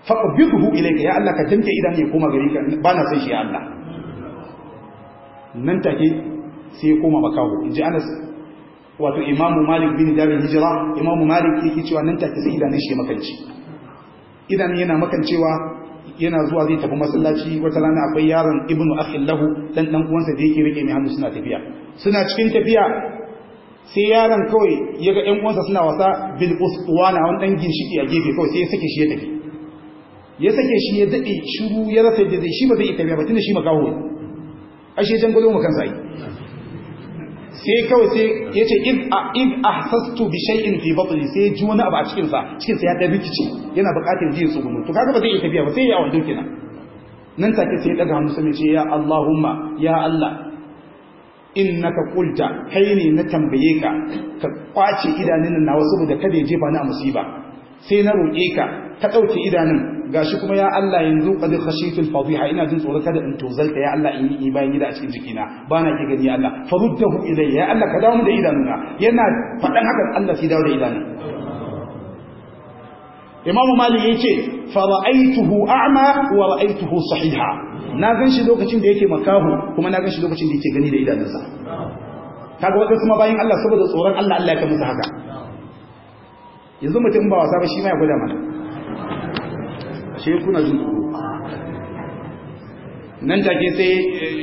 faqbidhu ilayka ya Allah ka tanke idan ya koma gari ka bana san shi ya Allah nan take sai ya koma makaho inji Anas wato Imam Malik bin Jabir Hijra Imam Malik yake cewa nan sai idanun shi yana makancewa yana zuwa zai tafi masallaci wata rana akwai yaron ibnu akhin lahu dan dan uwansa da yake rike mai hannu suna tafiya suna cikin tafiya sai yaron kawai ya ga ɗan uwansa suna wasa bil uswana wani dan ginshiki a gefe kawai sai ya sake shi ya tafi ya sake shi ya dade shiru ya rasa da zai shi ba zai tafiya ba tunda shi makawo ashe jangolo mu kansa yi sai kawai sai ya ce if ahsastu bi shay'in fi batni sai ji wani abu a cikinsa, sa ya ɗabi rikici, yana buƙatar ji su gumu to kaga ba zai yi tafiya ba sai ya wando na. nan take sai ya daga hannu sai ce ya Allahumma ya Allah innaka qulta kai ne na tambaye ka ka kwace idanun nan nawa saboda kada ya jefa ni a musiba sai na roƙe ka ka ɗauke idanun gashi kuma ya Allah yanzu qad khashitu al-fadiha ina jin tsoro kada in tozalta ya Allah in yi bayan gida a cikin jikina ba na ki gani ya Allah faruddahu ilayya ya Allah ka dawo da idanuna yana faɗan haka Allah sai dawo da idanun Imam Malik yace fa ra'aytuhu a'ma wa ra'aytuhu sahiha na shi lokacin da yake makahu kuma na gan shi lokacin da yake gani da idanunsa kaga wadansu kuma bayan Allah saboda tsoron Allah Allah ya kai musu haka yanzu mutum ba wasa ba shi ma ya gwada mana shi kuna jin tsoro nan take sai eh,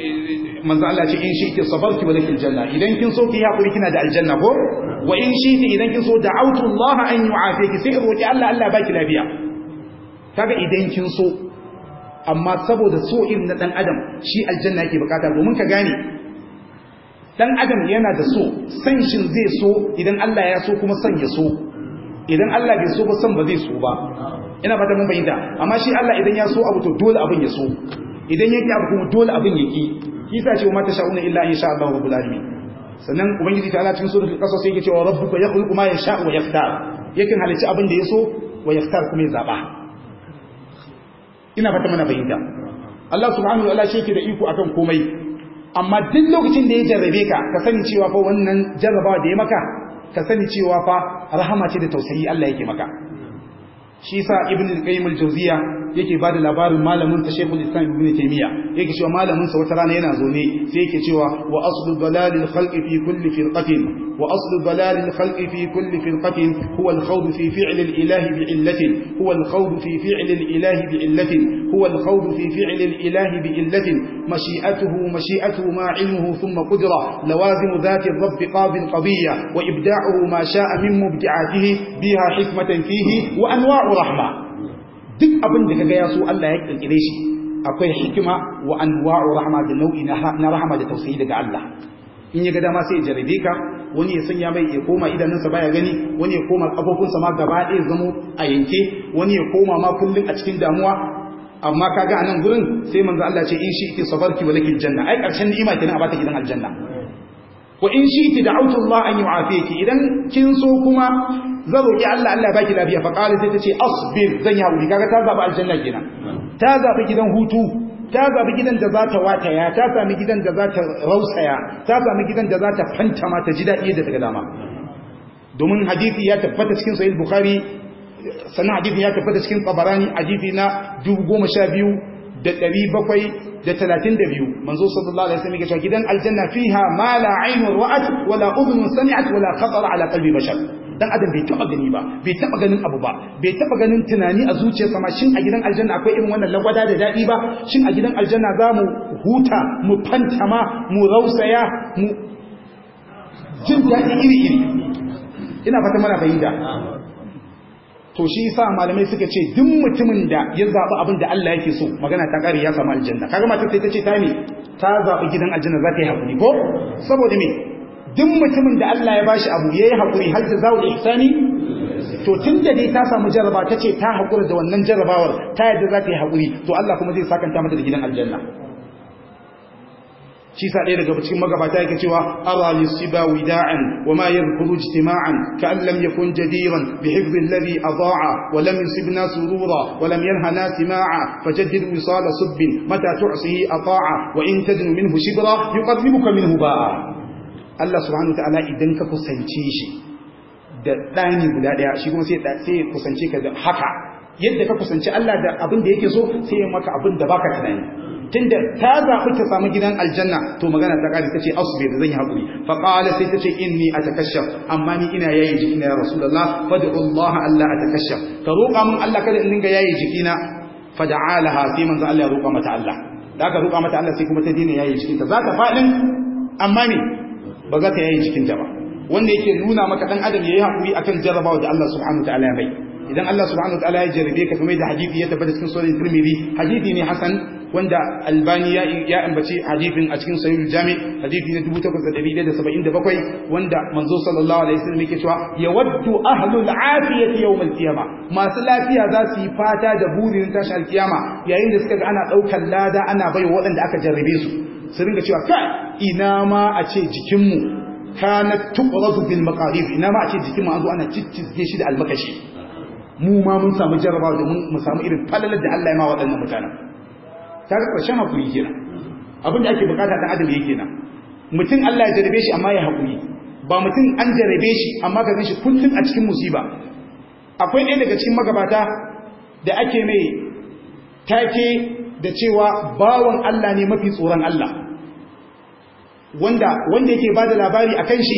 manzan Allah ce in shi ke sabar ki wani janna idan kin so ki haƙuri kina da aljanna ko wa in shi ki idan kin so da autun laha an ki sai roki Allah Allah baki lafiya kaga idan kin so amma saboda so irin na dan adam shi aljanna yake bukata domin ka gane dan adam yana da so san shin zai so idan Allah ya so kuma san ya so idan Allah bai so ba san ba zai so ba ina fata mun bayyana amma shi Allah idan ya so abu to dole abin ya so idan yake abu kuma dole abin ya ki kisa ce ma ta sha'una illa sha Allah rabbul alamin sannan ubangiji ta Allah cikin al qasas yake cewa rabbuka yakhluqu ma yasha'u wa yaftar. yakin halici abin da ya so wa yaftar kuma ya zaba ina fata mana bayyana Allah subhanahu wa ta'ala shi yake da iko akan komai amma duk lokacin da ya jarrabe ka ka sani cewa fa wannan jarrabawa da ya maka ka sani cewa fa rahama ce da tausayi Allah yake maka shi sa ibn qayyim al-jawziya yake bada labarin malamin ta Sheikhul Islam Ibn Taymiyyah yake cewa malamin sa wata rana yana zo ne sai yake cewa wa aslu dalalil khalqi fi kulli firqatin wa aslu dalalil khalqi fi kulli firqatin huwa al khawf fi fi'l al-ilahi bi'illatin huwa al khawf fi fi'l al-ilahi bi'illatin huwa al khawf fi fi'l al-ilahi bi'illatin mashi'atuhu mashi'atuhu ma 'ilmuhu thumma qudrah lawazim dhati ar-rabb qabil qadiyya wa ibda'uhu ma sha'a min mubdi'atihi biha hikmatan fihi wa anwa'u rahmah duk abin da kaga gaya su Allah ya kirkire shi akwai hikima wa anwa'u rahma da nau'i na rahma da tausayi daga Allah in ya ga dama sai ya jarabe ka wani ya sanya mai ya koma idanunsa baya gani wani ya koma kafofinsa ma gaba ɗaya zamo a yanke wani ya koma ma kullum a cikin damuwa amma kaga anan gurin sai manzo Allah ce in shi ki sabarki wa lakil janna ai karshen ni'ima kenan a bata gidan aljanna wa in shi ki da'awtu Allah an yu'afiki idan kin so kuma zan roƙi Allah Allah baki lafiya fa qala sai tace asbir zan yi hakuri kaga ta zaba aljanna kenan ta zaba gidan hutu ta zaba gidan da za ta wataya ta sami gidan da za ta rausaya ta sami gidan da za ta fantama ta ji dadi da daga dama domin hadisi ya tabbata cikin sahih bukhari sannan hadisi ya tabbata cikin tabarani hadisi na 1012 da ɗari bakwai da talatin da biyu manzo sallallahu alaihi wasallam yake gidan aljanna fiha ma la aynun ra'at wala udhun sami'at wala khatara ala qalbi bashar dan adam bai taba gani ba bai taba ganin abu ba bai taba ganin tunani a zuciyarsa ma shin a gidan aljanna akwai irin wannan lagwada da dadi ba shin a gidan aljanna za mu huta mu fantama mu rausaya mu jin dadi iri iri ina fata mana fahimta to shi yasa malamai suka ce duk mutumin da ya zaba abin da Allah yake so magana ta kare ya samu aljanna kaga matar sai ta ce ta ne ta zaba gidan aljanna za ta yi hakuri ko saboda me duk mutumin da Allah ya bashi abu yayi hakuri hal jazaul ihsani to tunda dai ta samu jaraba tace ta hakura da wannan jarabawar ta yadda za ta yi hakuri to Allah kuma zai sakanta mata da gidan aljanna shi sa ɗaya daga cikin magabata yake cewa ara lisiba wida'an wa ma yadhkuru ijtima'an ka an lam yakun jadiran bi hifdhi alladhi adha'a wa lam yusibna surura wa lam yanhana sima'a fajaddid wisala subbin mata tu'sihi ata'a wa in tadnu minhu shibra yuqadhibuka minhu ba'a Allah subhanahu wa ta'ala idan ka kusance shi da ɗani guda ɗaya shi kuma sai sai kusance ka da haka yadda ka kusance Allah da abin da yake so sai ya maka abin da baka tunani tunda ta zaɓi ta samu gidan aljanna to magana ta ƙari ta ce asubir da zan yi haƙuri fa sai ta ce inni a takashaf amma ni ina yayi jikina ya rasulullah fa da Allah Allah a takashaf ka roƙa min Allah kada in dinga jiki jikina fa alaha sai manzo Allah ya roƙa mata Allah da aka roƙa mata Allah sai kuma ta dina yaye jikinta zaka faɗin amma ne ba za ka yayi cikin jama'a. ba wanda yake nuna maka dan adam yayi hakuri akan jarrabawa da Allah subhanahu wa ta'ala ya mai idan Allah subhanahu wa ta'ala ya jarrabe ka kamar da hadisi ya tabbata cikin sahih Tirmidhi hadisi ne hasan wanda Albani ya ya ambaci hadisin a cikin sahih Jami hadisi ne 8177 wanda manzo sallallahu alaihi wasallam yake cewa yawaddu ahlul afiyati yawm al-qiyama masu lafiya za su yi fata da burin tashi al-qiyama yayin da suka ga ana daukar lada ana bai waɗanda aka jarrabe su su ringa cewa kai ina ma a ce jikinmu kana tuqrafu bin maqarib ina ma a ce jikinmu an zo ana cikin shi da almakashi mu ma mun samu jarraba domin mu samu irin falalar da Allah ya ma waɗannan mutanen ta ga ƙarshen hakuri kenan abin da ake bukata dan adam yake na, mutum Allah ya jarabe shi amma ya haƙuri. ba mutum an jarabe shi amma ka shi kullum a cikin ba. akwai ɗaya daga cikin magabata da ake mai take da cewa bawan Allah ne mafi tsoron Allah wanda wanda yake bada labari akan shi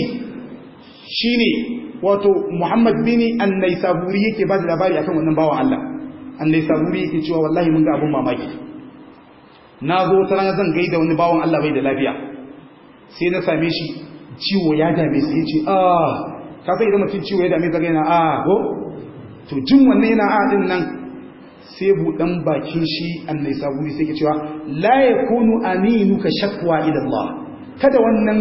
shine wato Muhammad bin An-Naisaburi yake bada labari akan wannan bawan Allah An-Naisaburi yake cewa wallahi mun ga abun mamaki na zo ta ranar zan gaida wani bawan Allah bai da lafiya sai na same shi ciwo ya dame sai yace ah ka sai idan mutum ciwo ya dame zaga yana ah go to jin wannan yana ah din nan sai buɗan bakin shi annai saburi sai yake cewa la yakunu aminuka shakwa ila Allah kada wannan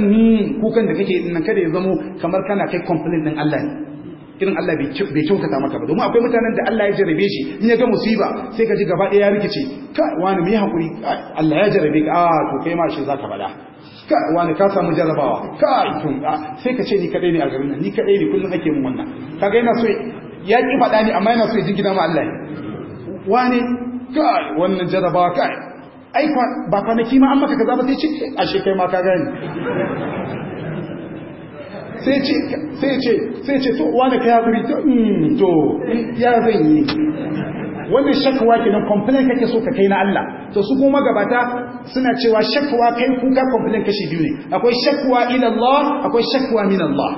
kukan da kake nan kada ya zamo kamar kana kai complaint din Allah ne irin Allah bai kyautata maka ba domin akwai mutanen da Allah ya jarabe shi in ya ga musiba sai ka ji gaba ɗaya ya rikice ka wani mai hakuri Allah ya jarabe ka a ah, to kai ma shi za ka bada ka wani ka samu jarabawa ka to ah, sai ka ce ni kadai ne a garin nan ni kadai ne kullum ake mun wannan kaga yana so ya ki fada ni amma yana so ya ji gidan Allah wani ka wannan jarabawa kai ai ba kwanaki ma an maka kaza ba sai ce a shekai ma ka gani sai ce sai ce sai ce to wani kai hakuri to hmm, to ya zan yi wannan ke nan complain kake so ka kai na Allah to su kuma gabata suna cewa shakawa kai kuka complain kashi biyu ne akwai shakawa ila Allah akwai shakawa min Allah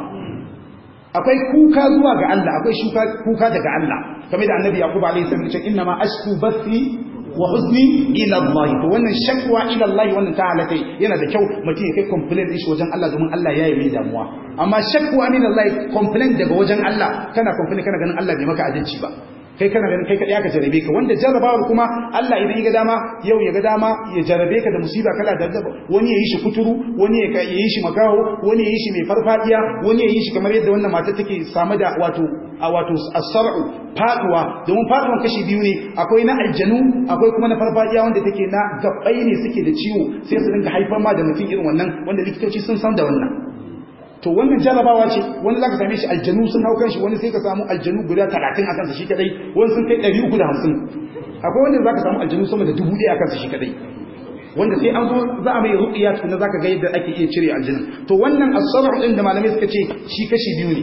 akwai kuka zuwa ga Allah akwai shuka kuka daga Allah kamar da Annabi yakubu alaihi salam ya ce inna ma ashku bathi wa husni ila Allah to wannan shakwa ila Allah wannan ta halaka yana da kyau mutum ya kai complaint din shi wajen Allah domin Allah ya yi mai damuwa amma shakwa ila Allah complaint daga wajen Allah kana complaint kana ganin Allah bai maka adalci ba kai kana ganin kai kadai aka jarabe ka wanda jarabawar kuma Allah idan ya ga dama yau ya ga dama ya jarabe ka da musiba kala da daba wani ya yi shi kuturu wani ya yi shi makaho wani ya yi shi mai farfadiya wani ya yi shi kamar yadda wannan mata take samu da wato a wato as-sar'u faduwa domin faduwan kashi biyu ne akwai na aljanu akwai kuma na farfadiya wanda take na gabbai ne suke da ciwo sai su dinga haifar ma da mutum irin wannan wanda likitoci sun san da wannan to wannan jarabawa ce wani zaka same shi aljanu sun hau kan wani sai ka samu aljanu guda 30 a kansa shi kadai wani sun kai 350 akwai wanda zaka samu aljanu sama da 1000 a kansa shi kadai wanda sai an zo za a mai ruqiya tunda zaka ga yadda ake iya cire aljanu to wannan as in din da malamai suka ce shi kashi biyu ne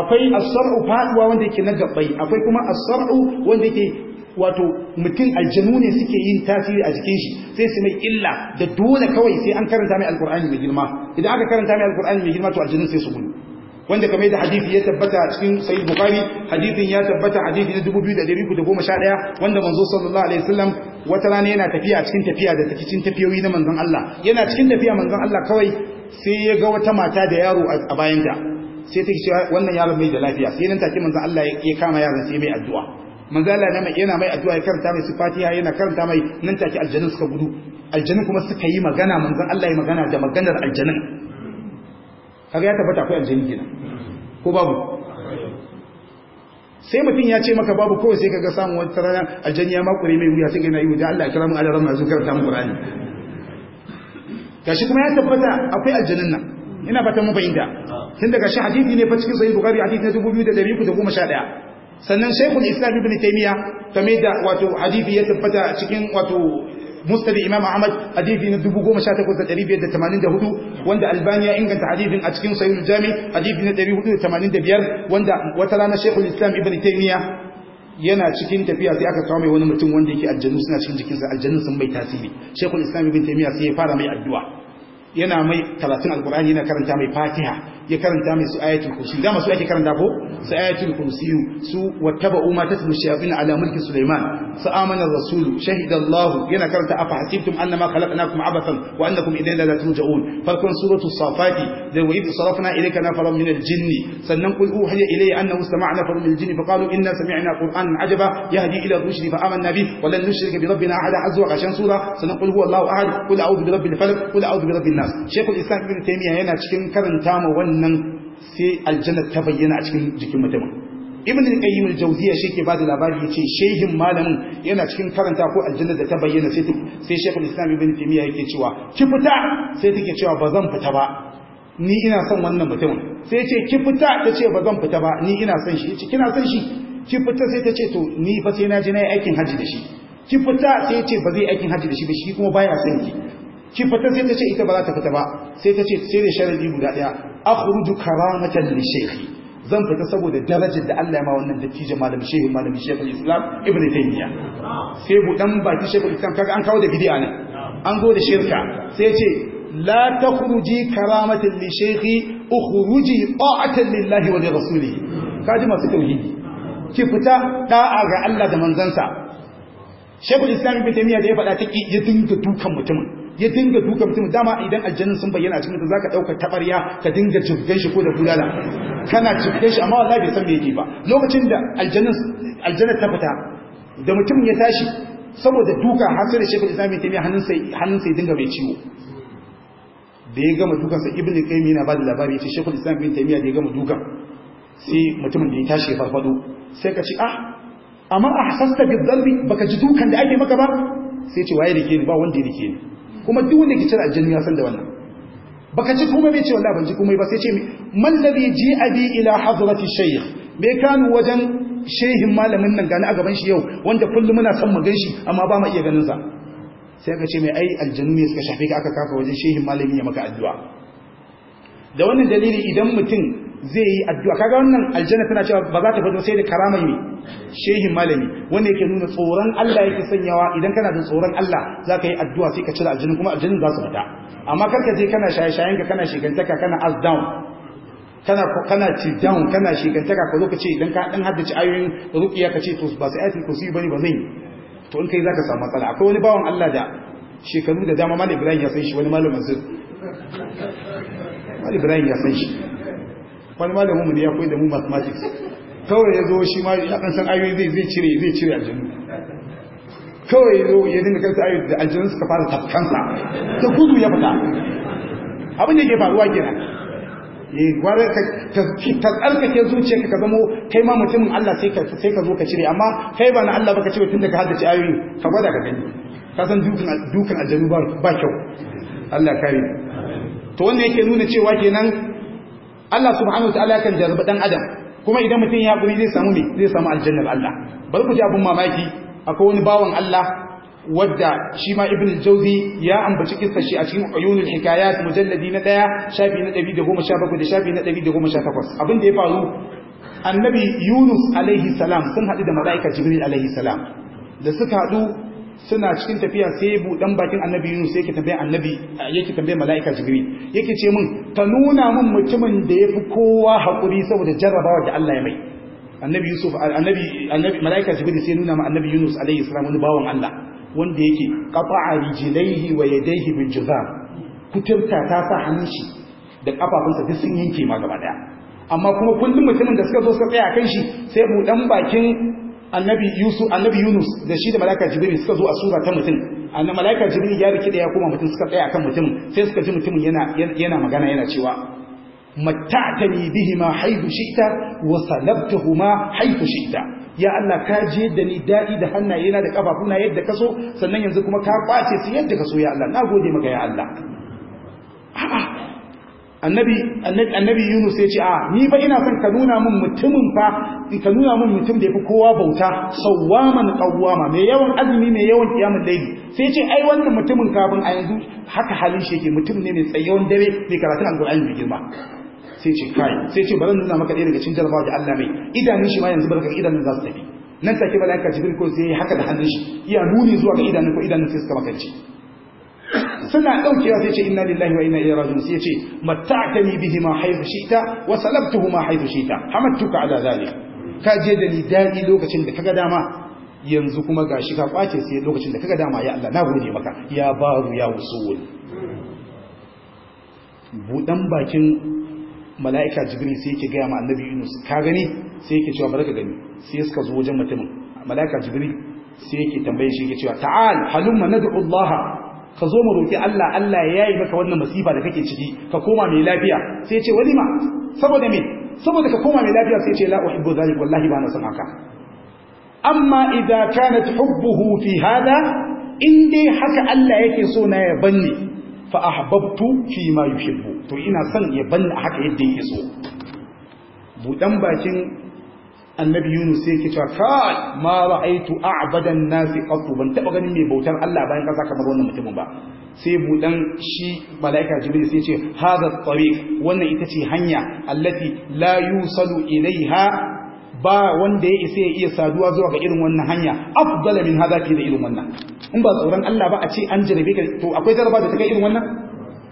akwai as-sab'u faduwa wanda yake na gabbai akwai kuma as wanda yake wato mutum aljanu ne suke yin tasiri a jikin shi sai su mai illa da dole kawai sai an karanta mai alkur'ani mai girma idan aka karanta mai alkur'ani mai girma to aljanu sai su gudu wanda kamar da hadisi ya tabbata a cikin sahih bukhari hadisin ya tabbata hadisi na 2311 wanda manzo sallallahu alaihi wasallam wata rana yana tafiya cikin tafiya da take cikin tafiyoyi na manzon Allah yana cikin tafiya manzon Allah kawai sai ya ga wata mata da yaro a bayanta sai take cewa wannan yaron mai da lafiya sai nan take manzon Allah ya kama yaron sai mai addu'a manzala na mai yana mai addu'a ya karanta mai sifatiha yana karanta mai nan take aljanun suka gudu aljanun kuma suka yi magana manzon Allah ya magana da maganar aljanun kaga ya tabbata akwai aljani kenan ko babu sai mutum ya ce maka babu kawai sai kaga samu wata rana aljani ya makure mai wuya sai yana yi wuya Allah ya kira mu alaran mazu karanta mu Qur'ani gashi kuma ya tabbata akwai aljanun nan ina fatan mu fahimta ah. tun daga shi hadisi ne fa cikin sahih bukhari hadisi na 2311 sannan shaikul islam ibn taymiya game da wato hadisi ya tabbata cikin wato musnad imam ahmad hadisi na 18584 wanda albani ya inganta hadisin a cikin sahih jami hadisi na 485 wanda wata rana shaikul islam ibn taymiya yana cikin tafiya sai aka samu mai wani mutum wanda yake aljannu suna cikin jikinsa aljannu sun mai tasiri shaikul islam ibn taymiya sai ya fara mai addu'a yana mai karatun alkur'ani yana karanta mai fatiha ya karanta mai su ayatul kursi dama su ake karanta ko su ayatul kursi su wattaba umma tatlu shayatin ala mulki sulaiman sa amana rasulu shahida allah yana karanta afa hasibtum annama khalaqnakum abathan wa annakum ilayna la turja'un farkon suratu safati da wa idh sarafna ilayka nafaran min al-jinn sannan qul uhiya ilayya annahu sami'a nafaran min al-jinn faqalu inna sami'na qur'anan ajaba yahdi ila rushd fa amanna bih wa lan nushrika bi rabbina ahada azwa qashan sura sannan qul huwa allah ahad qul a'udhu bi rabbil falaq qul a'udhu bi rabbin nas shekul islam ibn taymiya yana cikin karanta mu wannan sai aljanna ta bayyana a cikin jikin mutumin ibn al-qayyim al-jawziya shike ba da labari yace shehin malamin yana cikin karanta ko aljanna da ta bayyana sai sai shekul islam ibn taymiya yake cewa ki fita sai take cewa ba zan fita ba ni ina son wannan mutumin sai ce ki fita tace ba zan fita ba ni ina son shi yace kina son shi ki fita sai tace to ni fa sai na je na yi aikin haji da shi ki fita sai ce ba zai aikin haji da shi ba shi kuma baya son ki ki fita sai ta ce ita ba za ta fita ba sai ta ce sai da sharadi guda daya akhruju karamatan li shaykhi zan fita saboda darajar da Allah ya ma wannan dattijo malam shehu malam shehu islam ibn Taymiyyah sai ba baki shehu islam kaga an kawo da bid'a ne an go da shirka sai ce la takhruji karamatan li shaykhi ukhruji ta'atan lillahi wa li rasulihi kaji masu tauhidi ki fita da'a ga Allah da manzansa shehu islam ibn Taymiyyah da ya faɗa take ya dinga dukan mutumin ya dinga duka mutum dama idan aljannin sun bayyana cikin ka zaka dauka tabarya ka dinga jirgin shi ko da bulala kana jirgin shi amma wallahi bai san me yake ba lokacin da aljannin aljannar ta fita da mutum ya tashi saboda duka har sai da shekul islamin mai hannun sai hannun sai dinga mai ciwo da ya gama dukan sa ibnu qayyim yana ba da labari ya ce shekul islamin taimiyya da ya gama dukan sai mutumin da ya tashi ya farfado sai ka ce ah amma ahsasta bi dhanbi baka ji dukan da ake maka ba sai ce waye ke ni ba wanda ke ni kuma duk wanda ke cin aljanna ya san da wannan baka ci kuma bai ce wallahi ban ci kuma ba sai ce man ladhi ji'a bi ila hadrati shaykh me kanu wajen shehin malamin nan gani a gaban shi yau wanda kullum muna son mu shi amma ba mu iya ganin sa sai aka ce mai ai aljanna ne suka shafe ka aka kafa wajen shehin malami ya maka addu'a da wannan dalili idan mutum zai yi addu'a kaga wannan aljanna tana cewa ba za ta fito sai da karamai ne shehin malami wanda yake nuna tsoron Allah yake sanyawa idan kana da tsoron Allah za ka yi addu'a sai ka cire aljanna kuma aljanna za su fita amma karka je kana shaye-shayenka kana shigantaka kana as down kana kana ci down kana shigantaka ka zo ka ce idan ka dan haddace ayoyin ruqiya ka ce to ba sai ayatul kursi bane ba zan yi to in kai zaka samu matsala akwai wani bawan Allah da shekaru da dama malam Ibrahim ya san shi wani malamin sir malam Ibrahim ya san shi wani malamin mu ne ya koyi da mu mathematics kawai ya zo shi ma ya kan san ayoyi zai zai cire zai cire aljanu kawai ya zo ya dinga kansa ayoyi da aljanu suka fara tafkansa ta gudu ya fita abin da ke faruwa kenan eh gware ka ka tsarkake zuciyarka ka zamo kai ma mutumin Allah sai ka sai ka zo ka cire amma kai ba na Allah baka cire tunda ka haddace ayoyi ka gwada ka gani ka san dukan dukan aljanu ba kyau Allah kare to wanda yake nuna cewa kenan Allah subhanahu wataala kan jarrabi dan adam kuma idan mutum ya hakuri zai samu me zai samu aljannar Allah bar ku ji abin mamaki akwai wani bawan Allah wadda shi ma ibn jauzi ya ambaci kissa shi a cikin uyunul hikayat mujalladi na ɗaya shafi na 117 da shafi na 118 abin da ya faru annabi yunus alaihi salam sun haɗu da mala'ika jibril alaihi salam da suka haɗu suna cikin tafiya sai buɗan bakin annabi yunus yake tambaye annabi yake tambaye mala'ika jibril yake ce min ka nuna min mutumin da yafi kowa hakuri saboda jarrabawa da Allah ya mai annabi yusuf annabi annabi mala'ika jibril sai nuna ma annabi yunus alaihi salam wani bawan Allah wanda yake qata'a rijlaihi wa yadayhi bil jazam kuturta ta sa hannun shi da kafafunsa duk sun yanke ma gaba daya amma kuma kullum mutumin da suka zo suka tsaya kan shi sai buɗan bakin annabi yusuf annabi yunus da shi da malaika jibril suka zo a sura ta mutum annabi malaika jibril ya rike da ya koma mutum suka tsaya akan mutumin sai suka ji mutumin yana yana magana yana cewa matta'tani bihima haythu shi'ta wa salabtahuma haythu shi'ta ya Allah ka je da ni daɗi da hannaye yana da kafafuna yadda ka so sannan yanzu kuma ka kwace su yadda ka so ya Allah nagode maka ya Allah annabi annabi Yunus ya ce a ni fa ina son ka nuna min mutumin fa ka nuna min mutum da yafi kowa bauta sawwaman qawwama mai yawan azumi mai yawan kiyamul layli sai ce ai wannan mutumin kafin a yanzu haka halin shi yake mutum ne mai tsayawan dare mai karatun alqur'ani mai girma sai ce kai sai ce bari nuna maka ɗaya daga cikin jarabawa da Allah mai idanun shi ma yanzu barka idanun za su tafi nan take malaika jibril ko sai haka da hannun shi iya nuni zuwa ga idanun ko idanun sai suka makance suna daukewa sai ce inna lillahi wa inna ilaihi raji'un sai ce matta'tani bihi ma haythu shi'ta wa salabtuhu ma haythu shi'ta hamattuka ala zalik ka je da ni dadi lokacin da kaga dama yanzu kuma gashi ka kwace sai lokacin da kaga dama ya Allah na gode maka ya baru ya wusul budan bakin mala'ika jibril sai yake gaya ma annabi yunus ka gani sai yake cewa baraka gani sai suka zo wajen mutumin mala'ika jibril sai yake tambaye shi yake cewa ta'al halumma nad'u Allah ka zo mu roƙi Allah Allah ya yayi maka wannan masifa da kake ciki ka koma mai lafiya sai ya ce walima saboda me saboda ka koma mai lafiya sai ya ce la uhibbu zalik wallahi ba na son haka amma idza kanat hubbuhu fi hada in dai haka Allah yake so na ya banni fa ahbabtu fi ma yuhibbu to ina son ya banni haka yadda yake so budan bakin annabi yunus sai yake cewa kai ma ra'aitu a'badan nasi qattu ban taba ganin mai bautar Allah bayan kasa kamar wannan mutumin ba sai budan shi malaika jibril sai ce hadha tariq wannan ita ce hanya allati la yusalu ilaiha ba wanda ya isa ya iya saduwa zuwa ga irin wannan hanya afdala min hadha ke da irin wannan in ba tsoron Allah ba a ce an jarabe ka to akwai jaraba da ta kai irin wannan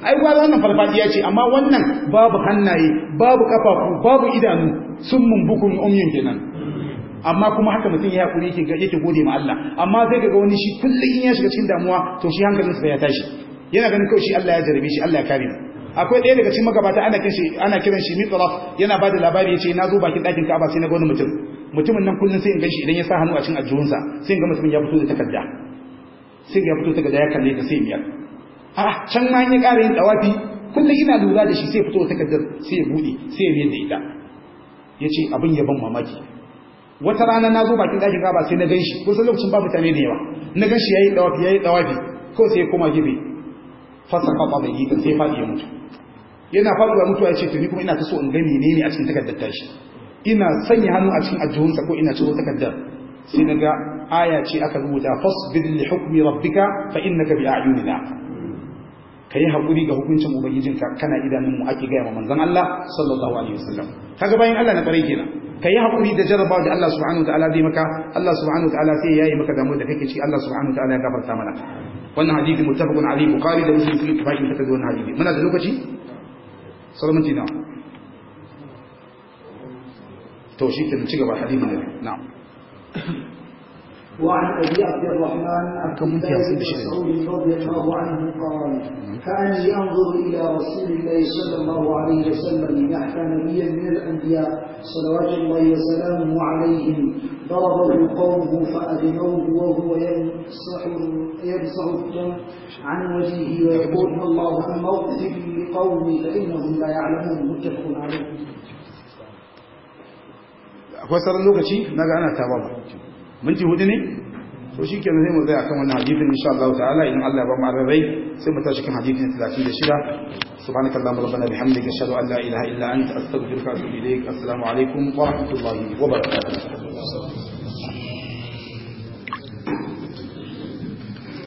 ai ba wannan farfadiya ce amma wannan babu hannaye babu kafafu babu idanu sun mumbukun umyin kenan amma kuma haka mutum ya hakuri yake ga yake gode ma Allah amma sai ga wani shi kullum in ya shiga cikin damuwa to shi hankalinsa ya tashi yana ganin kawai shi Allah ya jarabe shi Allah ya kare mu akwai ɗaya daga cikin magabata ana kiran shi ana kiran shi Mitraf yana bada labari yace na zo bakin ɗakin Ka'aba sai na ga wani mutum mutumin nan kullun sai in ganshi idan ya sa hannu a cikin aljihunsa sai in ga mutumin ya fito da takarda sai ga ya fito takarda ya kalle ta sai miyar. a can ma ya ƙara yin dawafi kullum ina lura da shi sai fito kaddar sai ya bude sai ya yi da ita yace abin ya ban mamaki wata rana na zo bakin dakin kaba sai na ganshi kusan lokacin ba mutane da yawa na ganshi yayi dawafi yayi dawafi ko sai ya koma gibe fasaka ba bai sai fadi ya mutu yana faduwa mutuwa yace to ni kuma ina ta so in gani menene a cikin takardar tashi ina sanya hannu a cikin ajihunsa ko ina ciro takardar sai naga aya ce aka rubuta fasbir li hukmi rabbika fa innaka bi a'yunina ka yi haƙuri ga hukuncin ubangijinka kana idanun mu ake gaya wa manzan Allah sallallahu alaihi wasallam kaga bayan Allah na bare kenan ka yi haƙuri da jarrabawa da Allah subhanahu wa ta'ala zai maka Allah subhanahu wa ta'ala sai ya yi maka damuwa da kake ci Allah subhanahu wa ta'ala ya gafarta mana wannan hadisi muttafaqun alaihi bukhari da muslim sun tafi da kazo wannan hadisi muna da lokaci salamun tina to shi ke ci gaba hadisi na na'am وعن أبي عبد الرحمن بن مسعود رضي الله عنه قال كان أنظر إلى رسول الله صلى الله عليه وسلم نحو نبيا من الأنبياء صلوات الله وسلامه عليهم ضربه قومه فاذنوه وهو يمسح يمسح عن وجهه ويقول الله عن موقف لقومي فإنهم لا يعلمون متفق عليه. akwai اللغه شيء ما ga ana minti hudu ne so shi kenan zai mu zai kan wannan hadithin insha Allah ta'ala in Allah ya ba mu arrai sai mu tashi kan hadithin 36 subhanaka allahumma rabbana bihamdika ashhadu an la ilaha illa anta astaghfiruka wa atubu ilaik assalamu alaikum wa rahmatullahi wa barakatuh